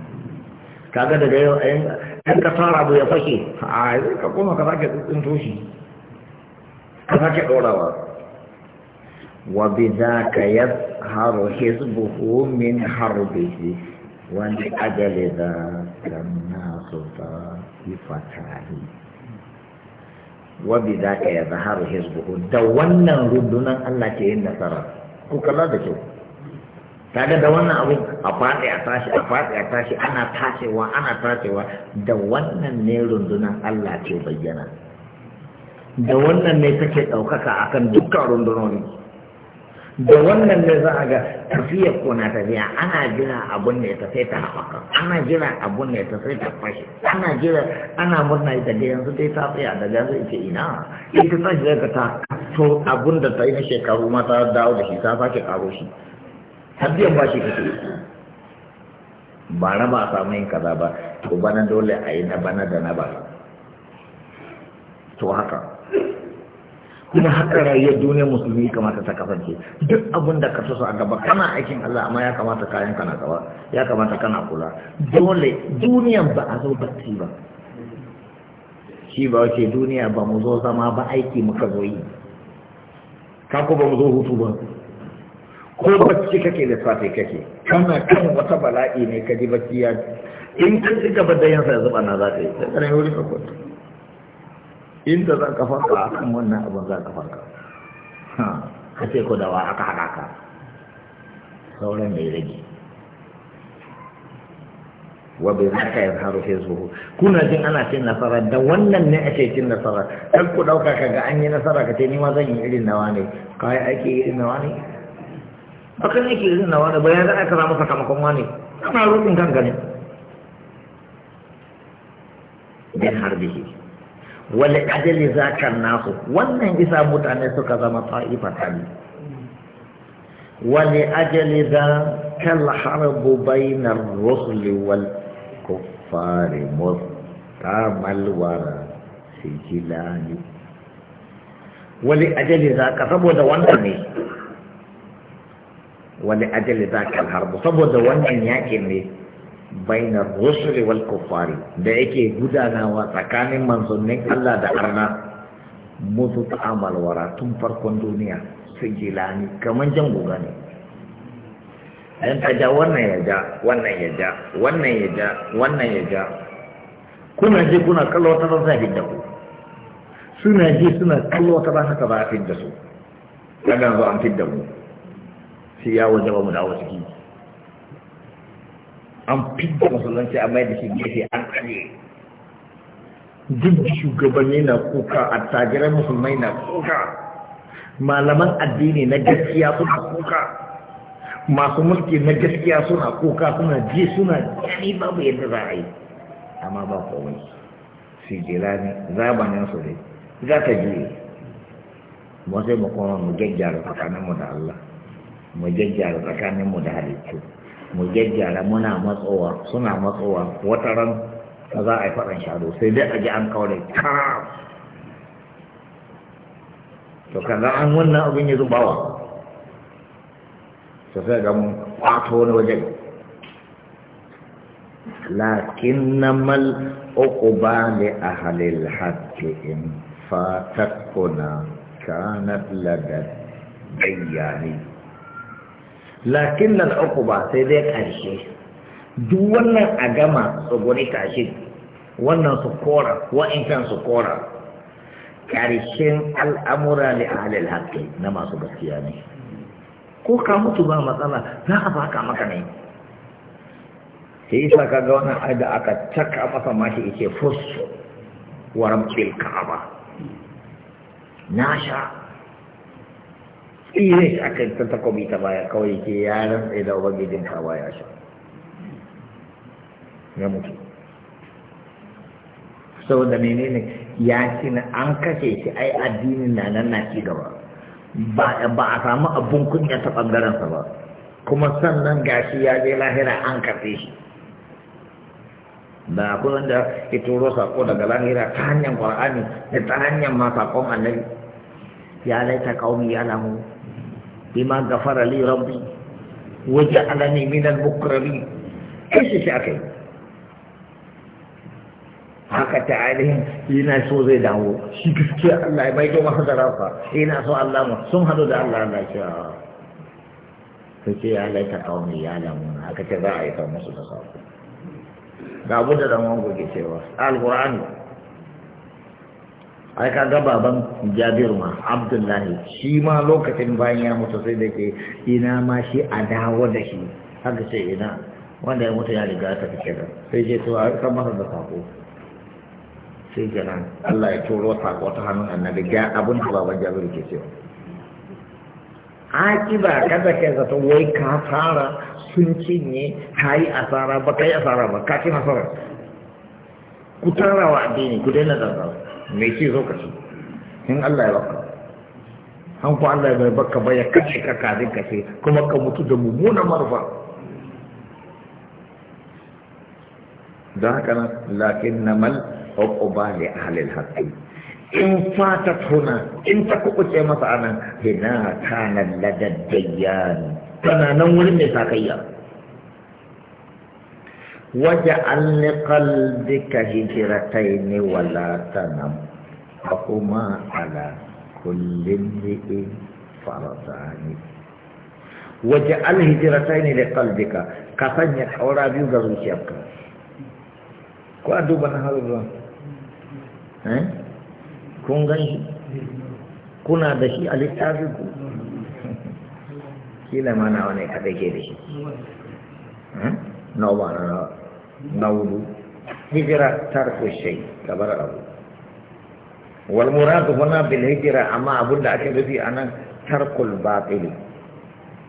kaga daga yau ayin in ka tara abu ya fashe a zai ka koma ka sake tsuntsunto shi ka sake ɗorawa wa bi za ka ya haro hezbuhu min harbihi wani ajali za ka nasu ta yi fatahi wa bi za ka ya haro hezbuhu da wannan rundunan Allah ke yin nasara ku kala da kyau kaga da wannan abu a faɗi a tashi a faɗi a tashi ana tashewa ana tashewa da wannan ne rundunar Allah ke bayyana da wannan ne take ɗaukaka akan dukkan rundunoni da wannan ne za a ga tafiyar ko na tafiya ana jira abun ne ta sai ta haɓaka ana jira abun ne ta sai ta fashe ana jira ana murna ita da yanzu dai ta tsaya da yanzu ita ina ita ta shi Ka ta to abun da ta yi na shekaru ma ta dawo da shi ta sake karo shi har ba shi kake yi ba na ba samu yin kaza ba to bana dole a yi na bana da na ba to haka kuma haka rayuwar duniyar musulmi kamata ta kasance duk abin da ka so a gaba kana aikin Allah amma ya kamata kayan kana gaba ya kamata kana kula dole duniyar ba a zo bacci ba shi ba wace duniya ba mu zo zama ba aiki muka zo yi ka ko ba mu zo hutu ba ko bacci kake lissafi kake kana kan wata bala'i ne ka ji bacci ya in kan ci gaba da yin sa zuba na za ka yi sai kana wuri ka kwanta inda za ka farka a kan wannan abin za ka farka ka ce ko da wa aka haɗa ka sauran mai rage wa bai ka yi haru fi zuhu kuna jin ana cin nasara da wannan ne ake cin nasara kar ku ɗauka ga an yi nasara ka ce ni ma zan yi irin nawa ne ka yi aiki irin nawa ne akan yake irin na wani bayan za a kaza masa kamakon wani ana rufin kanka ne bin harbihi wani ajali kan nasu wannan isa mutane suka zama fa'ifa tali wani ajali zakar harbu bainar rusli wal kuffari mustamal wara sigilani wani ajali kasa saboda wannan ne wani ajali za ka harbu saboda wannan yakin ne bainar rusuri wal kufari da yake gudanawa tsakanin manzannin Allah da arna mutu ta'amal wara tun farkon duniya su jilani kamar jan guga ne dan ta ja wannan ya ja wannan ya ja wannan ya ja wannan ya ja kuna ji kuna kallo ta zan zafi da ku suna ji suna kallo ta ba haka ba fi da su kaga zo an fidda mu sai ya waje ba mu dawo ciki an fidda musulunci a mai da shi gefe an kare duk shugabanni na kuka a attajiran musulmai na kuka malaman addini na gaskiya suna kuka masu mulki na gaskiya suna kuka suna ji suna jani babu yadda za a yi amma ba komai su za ne zabanin su ne za ta juye mu sai mu koma mu gyaggyara tsakaninmu da Allah mu jajjara tsakaninmu da halittu mu jajjara muna matsowa suna matsowa wata ran za a yi faɗan sharo sai dai a ji an kaure kara to kaga an wannan abin ya zubawa to sai ga mun kwato wani waje lakin na mal uquba li ahli al-haqqi in fatakuna kanat ladad bayyani lakin nan uku ba sai dai ƙarshe duk wannan a gama tsogoni tashi wannan su kora wa'inkan su kora ƙarshen al'amura a ahalil haƙƙi na masu gaskiya ne ko ka mutu ba matsala za a baka maka ne sai isa ka ga wannan aida aka caka masa mashi yake fus waram ba na sha tsire aka ta takobi ta baya kawai ke yaran tsaye da ubangijin ka baya shi ya mutu saboda menene ya ci na an kashe shi ai addinin na nan na ci gaba ba a samu abun kunya ta ɓangarensa ba kuma sannan gashi ya je lahira an karfe shi da akwai da ya turo sako daga lahira ta hanyar ƙwar'ani da ta hanyar ma sakon annabi ya laita kaumi ya lamu bima gafara li rabbi waja'alani min al-muqrabin kashi shi akai haka ta ainihin yana so zai dawo shi gaskiya Allah ya baito masa da rafa yana so Allah mu sun hadu da Allah Allah ce ta ce ya laita kawai ya lamu haka ta za a yi kawai masu da sako ga abu da dan goge cewa alqur'ani ai ka ga baban Jabir ma abdullahi shi ma lokacin bayan ya mutu sai da ke ina ma shi a dawo da shi haka ce ina wanda ya mutu ya riga ta fi da sai je to a kan masa da sako sai nan Allah ya turo sako ta hannun annabi ga abin da baban Jabir ke cewa akiba kada ke to wai ka fara sun cinye kai a asara ba ka yi asara ba ka ci nasara ku tara wa addini ku daina zanzara me ce zo ka ci in Allah ya baka an ku Allah bai baka ba ya kashe ka kafin ka ce kuma ka mutu da mummunan marufa don haka nan lakin na mal ba li ahlil haqqi in fata tuna in ta kuɓuce masa anan hina kana ladad dayyan tana nan wurin mai sakayya واجعل لقلبك هجرتين ولا تنم فهما على كل امرئ فرسان واجعل هجرتين لقلبك كفن biyu بيو غزو شيبك ko a duba na halin ruwan kun gan shi kuna da shi a littafin ku kila wani kaɗai ke da shi na na rawa na hijira tarku shai gabar abu wal muradu huna bil hijira amma abun da ake nufi anan tarkul batili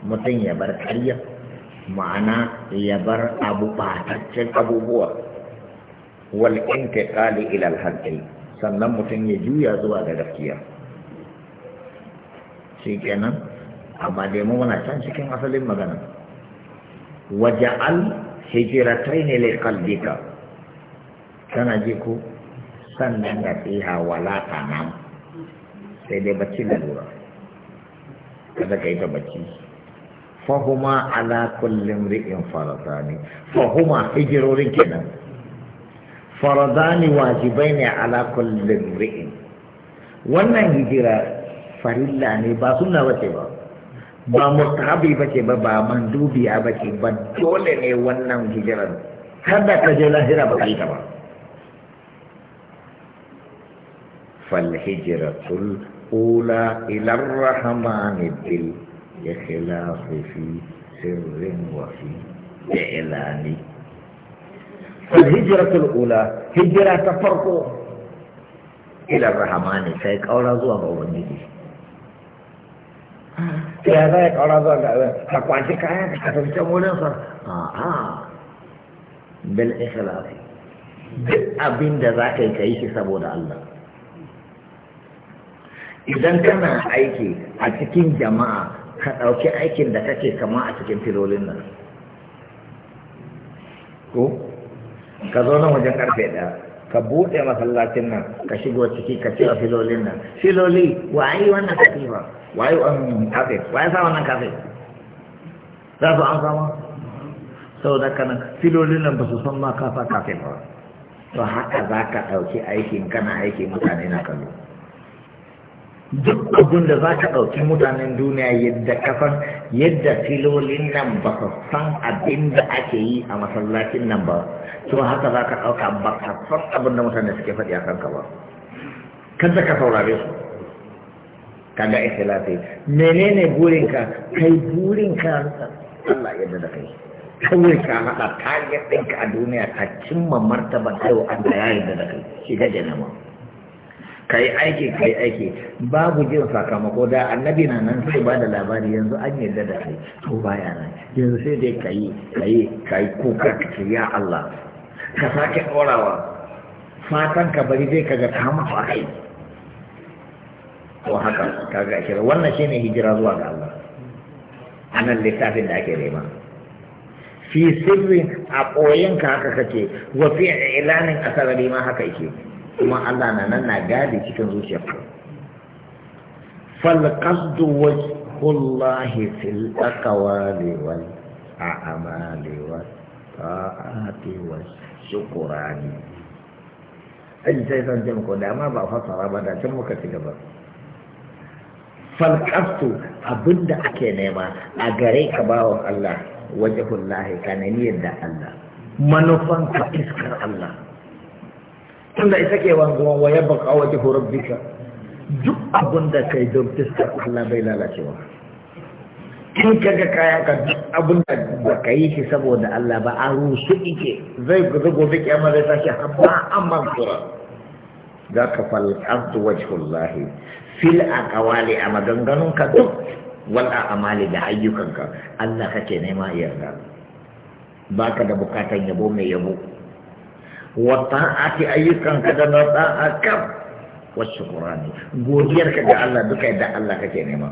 mutum ya bar ƙarya ma'ana ya bar abu bataccen abubuwa wal intiqali ila al sannan mutum ya juya zuwa ga gaskiya shikenan amma dai muna can cikin asalin magana waja'al hijiratai ne laikalbika tana ji ku sannan da tsiha wala ta nan sai dai bacci lura. kada ka yi ta bacci fahuma ala kullum ri'in farazani fahuma hijirorin kenan Faradani wajibai ne ala kullum ri'in wannan hijira farilla ne ba suna wace ba ba mustahabi ba ce ba ba man mandubiya ba ce ba dole ne wannan hijirar kada ka je lahira ba kai ta ba fal hijratul ula ila ar-rahman bil ikhlaf fi sirrin wa fi i'lani fal hijratul ula hijra ta farko ila ar-rahman sai kaura zuwa ga ubangiji ta ya za ya ƙaura zuwa ga ka kwashi kayan ka kasance wurinsa a'a bil ikhlasi duk abin da za ka yi ka yi shi saboda Allah idan kana aiki a cikin jama'a ka ɗauki aikin da kake kama a cikin filolin nan ko ka zo nan wajen karfe ɗaya ka buɗe masallacin nan ka shigo ciki ka cire filolin nan filoli wa yi wannan katifa waye wannan kafe waye sa wannan kafe za su an sama sau da kanan filoli nan ba su san ma kafa kafin ba to haka za ka ɗauki aikin kana aiki mutane na kallo duk abin da za ka ɗauki mutanen duniya yadda kafan yadda filolin nan ba su san abin da ake yi a masallacin nan ba to haka za ka ɗauka ba ka san abin da mutane suke faɗi a kanka ba Kan da ka saurare su kaga ikhlasi menene burinka kai burinka Allah ya da kai kawai ka haɗa target ɗinka a duniya ka cimma martaban wa Allah ya yarda da kai shi jannama kai aiki kai aiki babu jin sakamako da annabi na nan sai ba da labari yanzu an yarda da kai to baya nan yanzu sai dai kai kai kai kuka ka ya Allah ka sake ɗorawa fatan ka bari dai kaga kama mafa kai ko haka kaga ashirin wannan shine hijira zuwa ga Allah anan littafin da ake nema fi sirri a koyin ka haka kake wa fi ilanin asarari ma haka yake kuma Allah na nan na gadi cikin ka fal qasdu wajhullahi fil aqwali wal a'mali wat ta'ati was shukrani ai sai san jin ko da ma ba fasara ba da can muka ci gaba falkastu abinda ake nema a gare ka bawan Allah wajahun lahi ka niyyar da Allah manufan ka iskar Allah tunda ita ke wanzuwa wa ya baka waje rabbika duk abinda kai don fiskar Allah bai lalacewa in ka ga kaya ka duk abinda ba ka yi shi saboda Allah ba a rusu ike zai gobe kyamar zai tashi amma an mansura ذاك فالعبد وجه الله fil aqwali a maganganunka duk wal a'mali da ayyukanka Allah kake nema yarda baka da bukatan yabo mai yabo wa ta'ati ayyukanka da ta'a kaf wa shukrani godiyarka ga Allah duka da Allah kake nema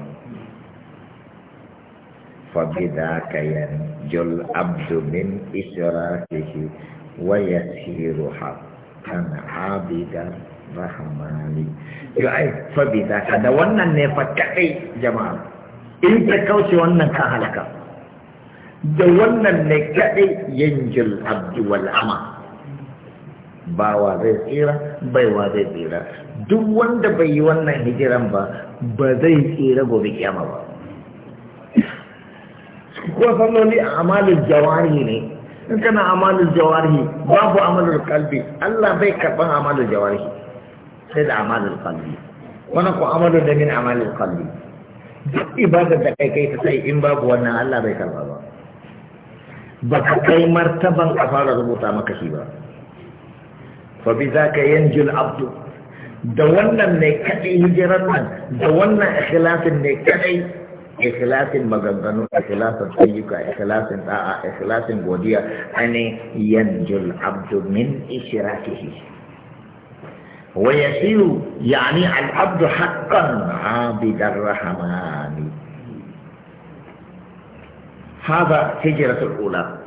fa bidaka yan jul abdu min israfihi wa yasiru haqqan abida rahmani ai fa bi da wannan ne fa kai jama'a in ka kauce wannan ka halaka da wannan ne kadai yanjil abdu wal ama wa zai tsira bai wa zai tsira duk wanda bai yi wannan hijiran ba ba zai tsira gobe kiyama ba ko salloli a amalin jawari ne in kana amalin jawari babu amalin kalbi Allah bai karban amalin jawari sai da amalin kalbi wannan ko amalu da min amalin kalbi duk ibadar da kai kai ta sai in babu wannan Allah bai karba ba ba ka kai martaban a fara rubuta maka shi ba fa bi zaka yanjul abdu da wannan ne kadai hijirar nan da wannan ikhlasin ne kadai ikhlasin maganganu ikhlasin ayyuka ikhlasin da'a ikhlasin godiya ane yanjul abdu min ishrakihi ويصير يعني العبد حقا عابد الرحمن هذا هجرة الأولى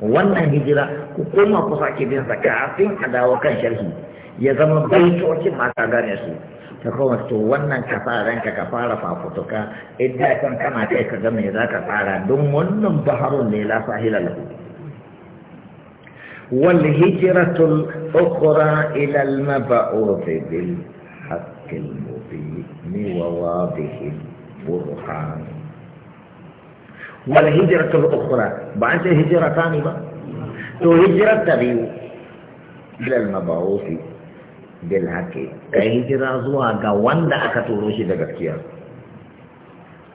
وانا هجرة كما قصاك بين زكاة حدا وكان شرهي يزم بيتوك ما تغاني سوء ta kuma to wannan kafaranka ka fara fafutuka idan kan kana kai ka ga me zaka fara don wannan baharun ne la sahila والهجرة الأخرى إلى المبعوث بالحق المبين وواضح البرهان والهجرة الأخرى بعد هجرة ثانية تو هجرة تبيو إلى المبعوث بالحق أي زواجة وان أكتوروشي دا كتير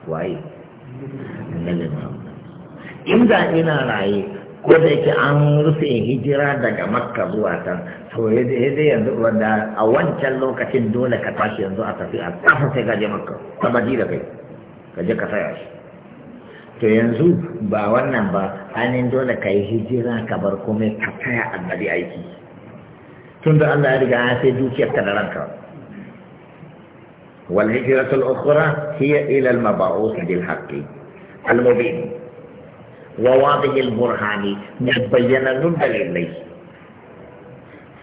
واي إن إنا raye ko da yake an rufe hijira daga makka zuwa can to yadda yanzu wanda a wancan lokacin dole ka tashi yanzu a tafi a kafa sai ka je makka ta baji da kai ka je ka saya shi to yanzu ba wannan ba hannun dole ka yi hijira ka bar komai ka taya annabi aiki tun da Allah ya riga ya sai dukiyar ka da ranka والهجرة الأخرى هي إلى المبعوث بالحق المبين وواضح البرهان بين الدليل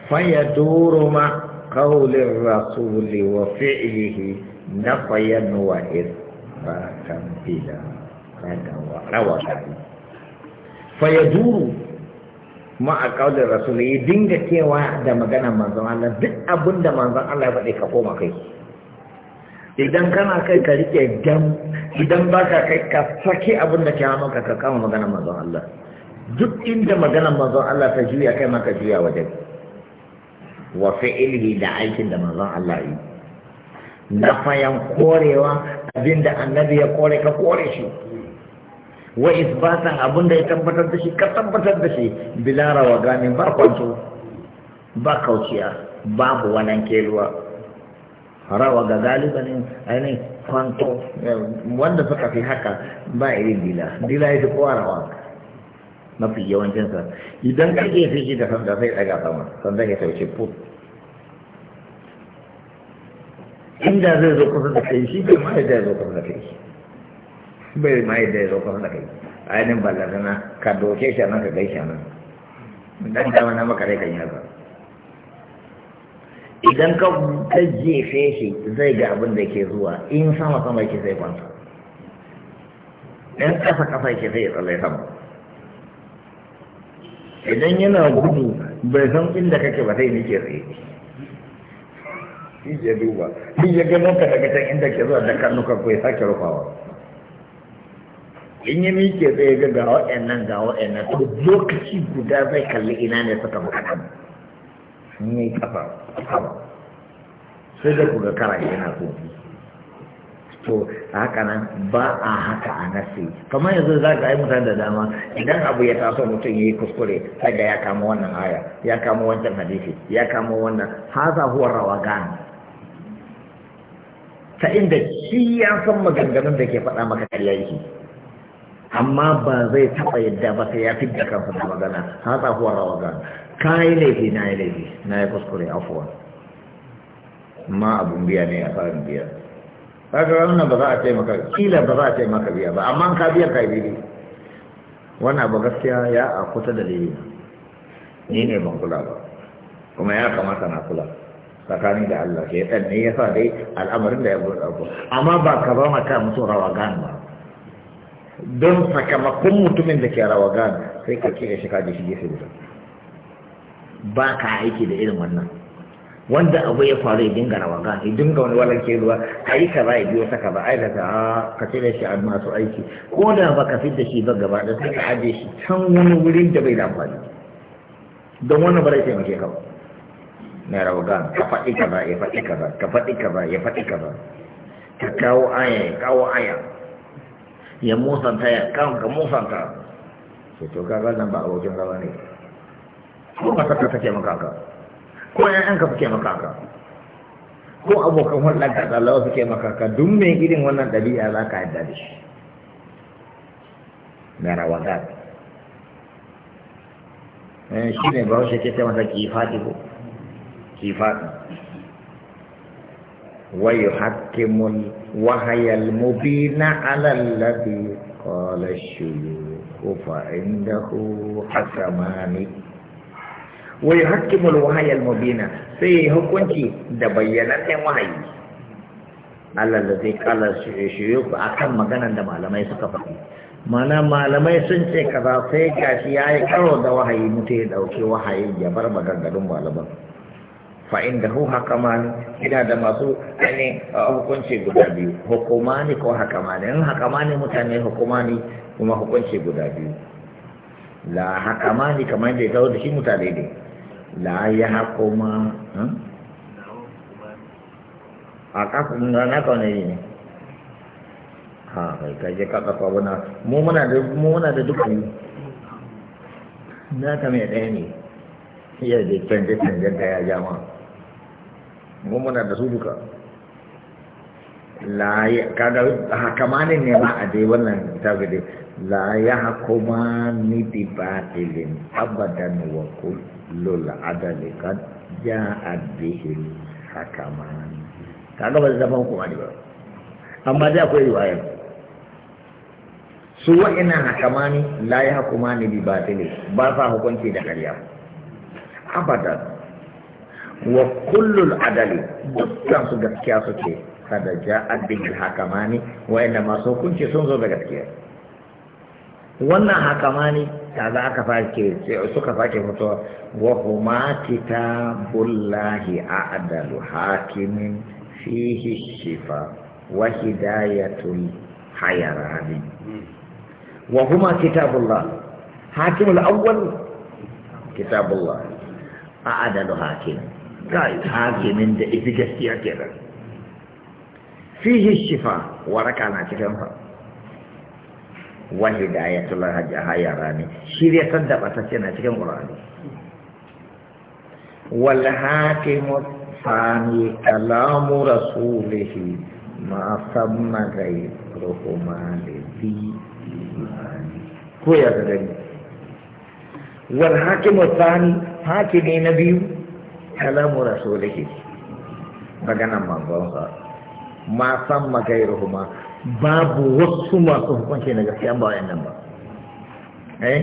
فيدور مع قول الرسول وفعله نفيا وإثباتا بلا روى فيدور ma a kaular rasul dinga cewa da magana manzon Allah duk abin da Allah ya faɗi ka koma kai idan kana kai ka rike dam idan baka kai ka saki abin da ke hannunka ka kama magana mazan Allah duk inda magana mazan Allah ta juya kai maka juya wajen wa ilimi da aikin da mazan Allah yi na fayan korewa abinda annabi ya kore ka kore shi wa isbatan abinda ya tabbatar da shi ka tabbatar da shi bilara wa gane ba kwanto ba kauciya babu wannan keluwa rawa ga galiban ainihin kwanto wanda suka fi haka ba irin dila dila ya fi kowa rawa mafi yawancinsa idan kake fi da sanda sai daga sama sanda ya sauce put inda zai zo kusa da kai shi bai ma yadda ya zo kusa da kai bai ma yadda ya zo kusa da kai ainihin ballarana ka doke shi nan ka gaishe nan dan dama na maka rai kan yi haka idan ka ka jefe shi zai ga abin da ke zuwa in sama sama ke zai kwanta in ƙasa-ƙasa ke zai tsalle sama idan yana gudu bai san inda kake ba sai nike tsaye shi ya duba shi ya gano ka daga can inda ke zuwa da karnuka ka kai sake rufawa in ya mike tsaye ga ga wa'annan ga wa'annan to lokaci guda zai kalli ina ne suka buƙata in yi kafa sama sai da kuga kara yana kofi. to haka nan ba a haka a nasi kamar yanzu za ka yi mutane da dama idan abu ya taso mutum ya yi kuskure da ya kama wannan aya ya kama wancan hadisi ya kama wannan haza huwa rawa gani ta inda shi ya san maganganun da ke faɗa maka karya yake amma ba zai taɓa yadda ba sai ya fi da kansa da magana haza huwa rawa gani ka yi laifi na yi laifi na yi kuskure afuwa ma abun biya ne a farin biya kaga wannan ba za a taimaka kila ba za a taimaka biya ba amma ka biya ka biyu wannan abu gaskiya ya a kusa da lili ni ne ban kula ba kuma ya kamata na kula tsakani da Allah ke dan ne ya sa dai al'amarin da ya buɗe ku amma ba ka ba maka musu rawa gan ba don sakamakon mutumin da ke rawa gan sai ka kira shi ka ji shi gefe ta. ba ka aiki da irin wannan wanda abu ya faru ya dinga rawa ga ya dinga wani walan ke ruwa a yi ka ba ya biyo saka ba aida ka ah, ka cire shi a masu aiki ko da ba ka fidda shi ba gaba da sai ka ajiye shi can wani wurin da bai da amfani don wannan ba zai taimake ka na rawa ga ka faɗi ka ba ya faɗi ka ba ka faɗi ka ba ya faɗi ka ba ka kawo aya ya kawo aya ya musanta ya kawo ka musanta sai to ga nan ba abokin rawa ne ko matarka take maka ka ko ƴaƴanka take maka ka ko abokan wannan da Allah suke maka ka duk mai irin wannan dabi'a za ka yadda da shi na eh shi ne ba shi ke masa kifati ko kifati wa yuhakkimul wahayal mubina ala alladhi qala shuyu fa indahu hasamani wai hakimul al mubina sai ya hukunci da bayyanannen wahayi Allah da zai kala shirye ku akan magana da malamai suka faɗi mana malamai sun ce kaza sai gashi ya yi karo da wahayi mutu ya ɗauki wahayi ya bar maganganun malaman fa inda hu hakamani ina da masu ne hukunci guda biyu hukumani ko hakamani in hakamani mutane hukumani kuma hukunci guda biyu la hakamani kamar da ya kawo da shi mutane ne la ya hakuma a kafin rana kawai ne ha kai kaje ka kafa wana mu muna da mu muna da duka ne na ka mai ɗaya ne iya da canje canje da ya jama mu muna da su duka la ya kaga kamanin ne ma a dai wannan tafi dai la ya لا يحكمان abadan wa وكل العدل قد ja به الحكمان kaga ba zama hukuma ne ba amma da akwai riwaya su wa wa'ina hakamani la ya hakumani bi batili ba sa hukunci da ƙarya abadan wa kullul adali dukkan su gaskiya suke kada ja'ad bihi hakamani wa'inda masu hukunci sun zo da gaskiya wannan hakama ne kaza aka sake suka sake mutuwa wa kuma huma a a'dalu hakimin fihi shifa wa hidayatul hayarani wa kuma kitabullah hakimul awwal a a'dalu hakimin. kai hakimin da ita gaskiya kenan fihi shifa waraka na cikin fa wa ne? hayarani ya kan da batacce na cikin qur'ani wal hakimu sani kalamu rasulihi ma samma ghayruhu ma ladhi ko ya ga gani wal hakimu sani hakimi na biyu kalamu rasulihi maganan manzon sa ma samma gai ma babu wasu masu hukunci na gaskiya ba wayannan ba eh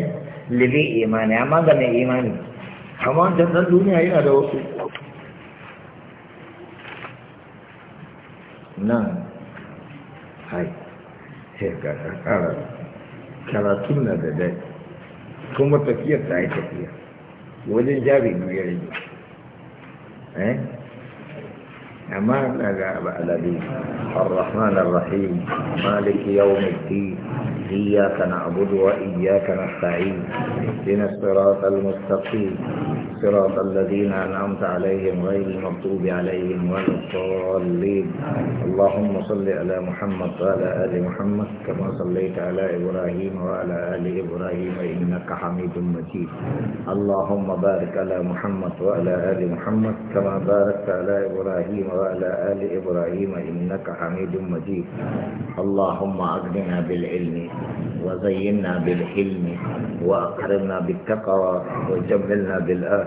libi imani amma ga mai imani amma dan duniya yana da wasu nan hai sai ga kakara karatun na da dai kuma tafiyar ta yi tafiya wajen jari biyu ya eh أما لا الذي الرحمن الرحيم مالك يوم الدين إياك نعبد وإياك نستعين اهدنا الصراط المستقيم صراط الذين أنعمت عليهم غير المغضوب عليهم ولا الضالين اللهم صل على محمد وعلى آل محمد كما صليت على إبراهيم وعلى آل إبراهيم إنك حميد مجيد اللهم بارك على محمد وعلى آل محمد كما باركت على إبراهيم وعلى آل إبراهيم إنك حميد مجيد اللهم أغننا بالعلم وزينا بالحلم وأكرمنا بالتقوى وجملنا بالآخر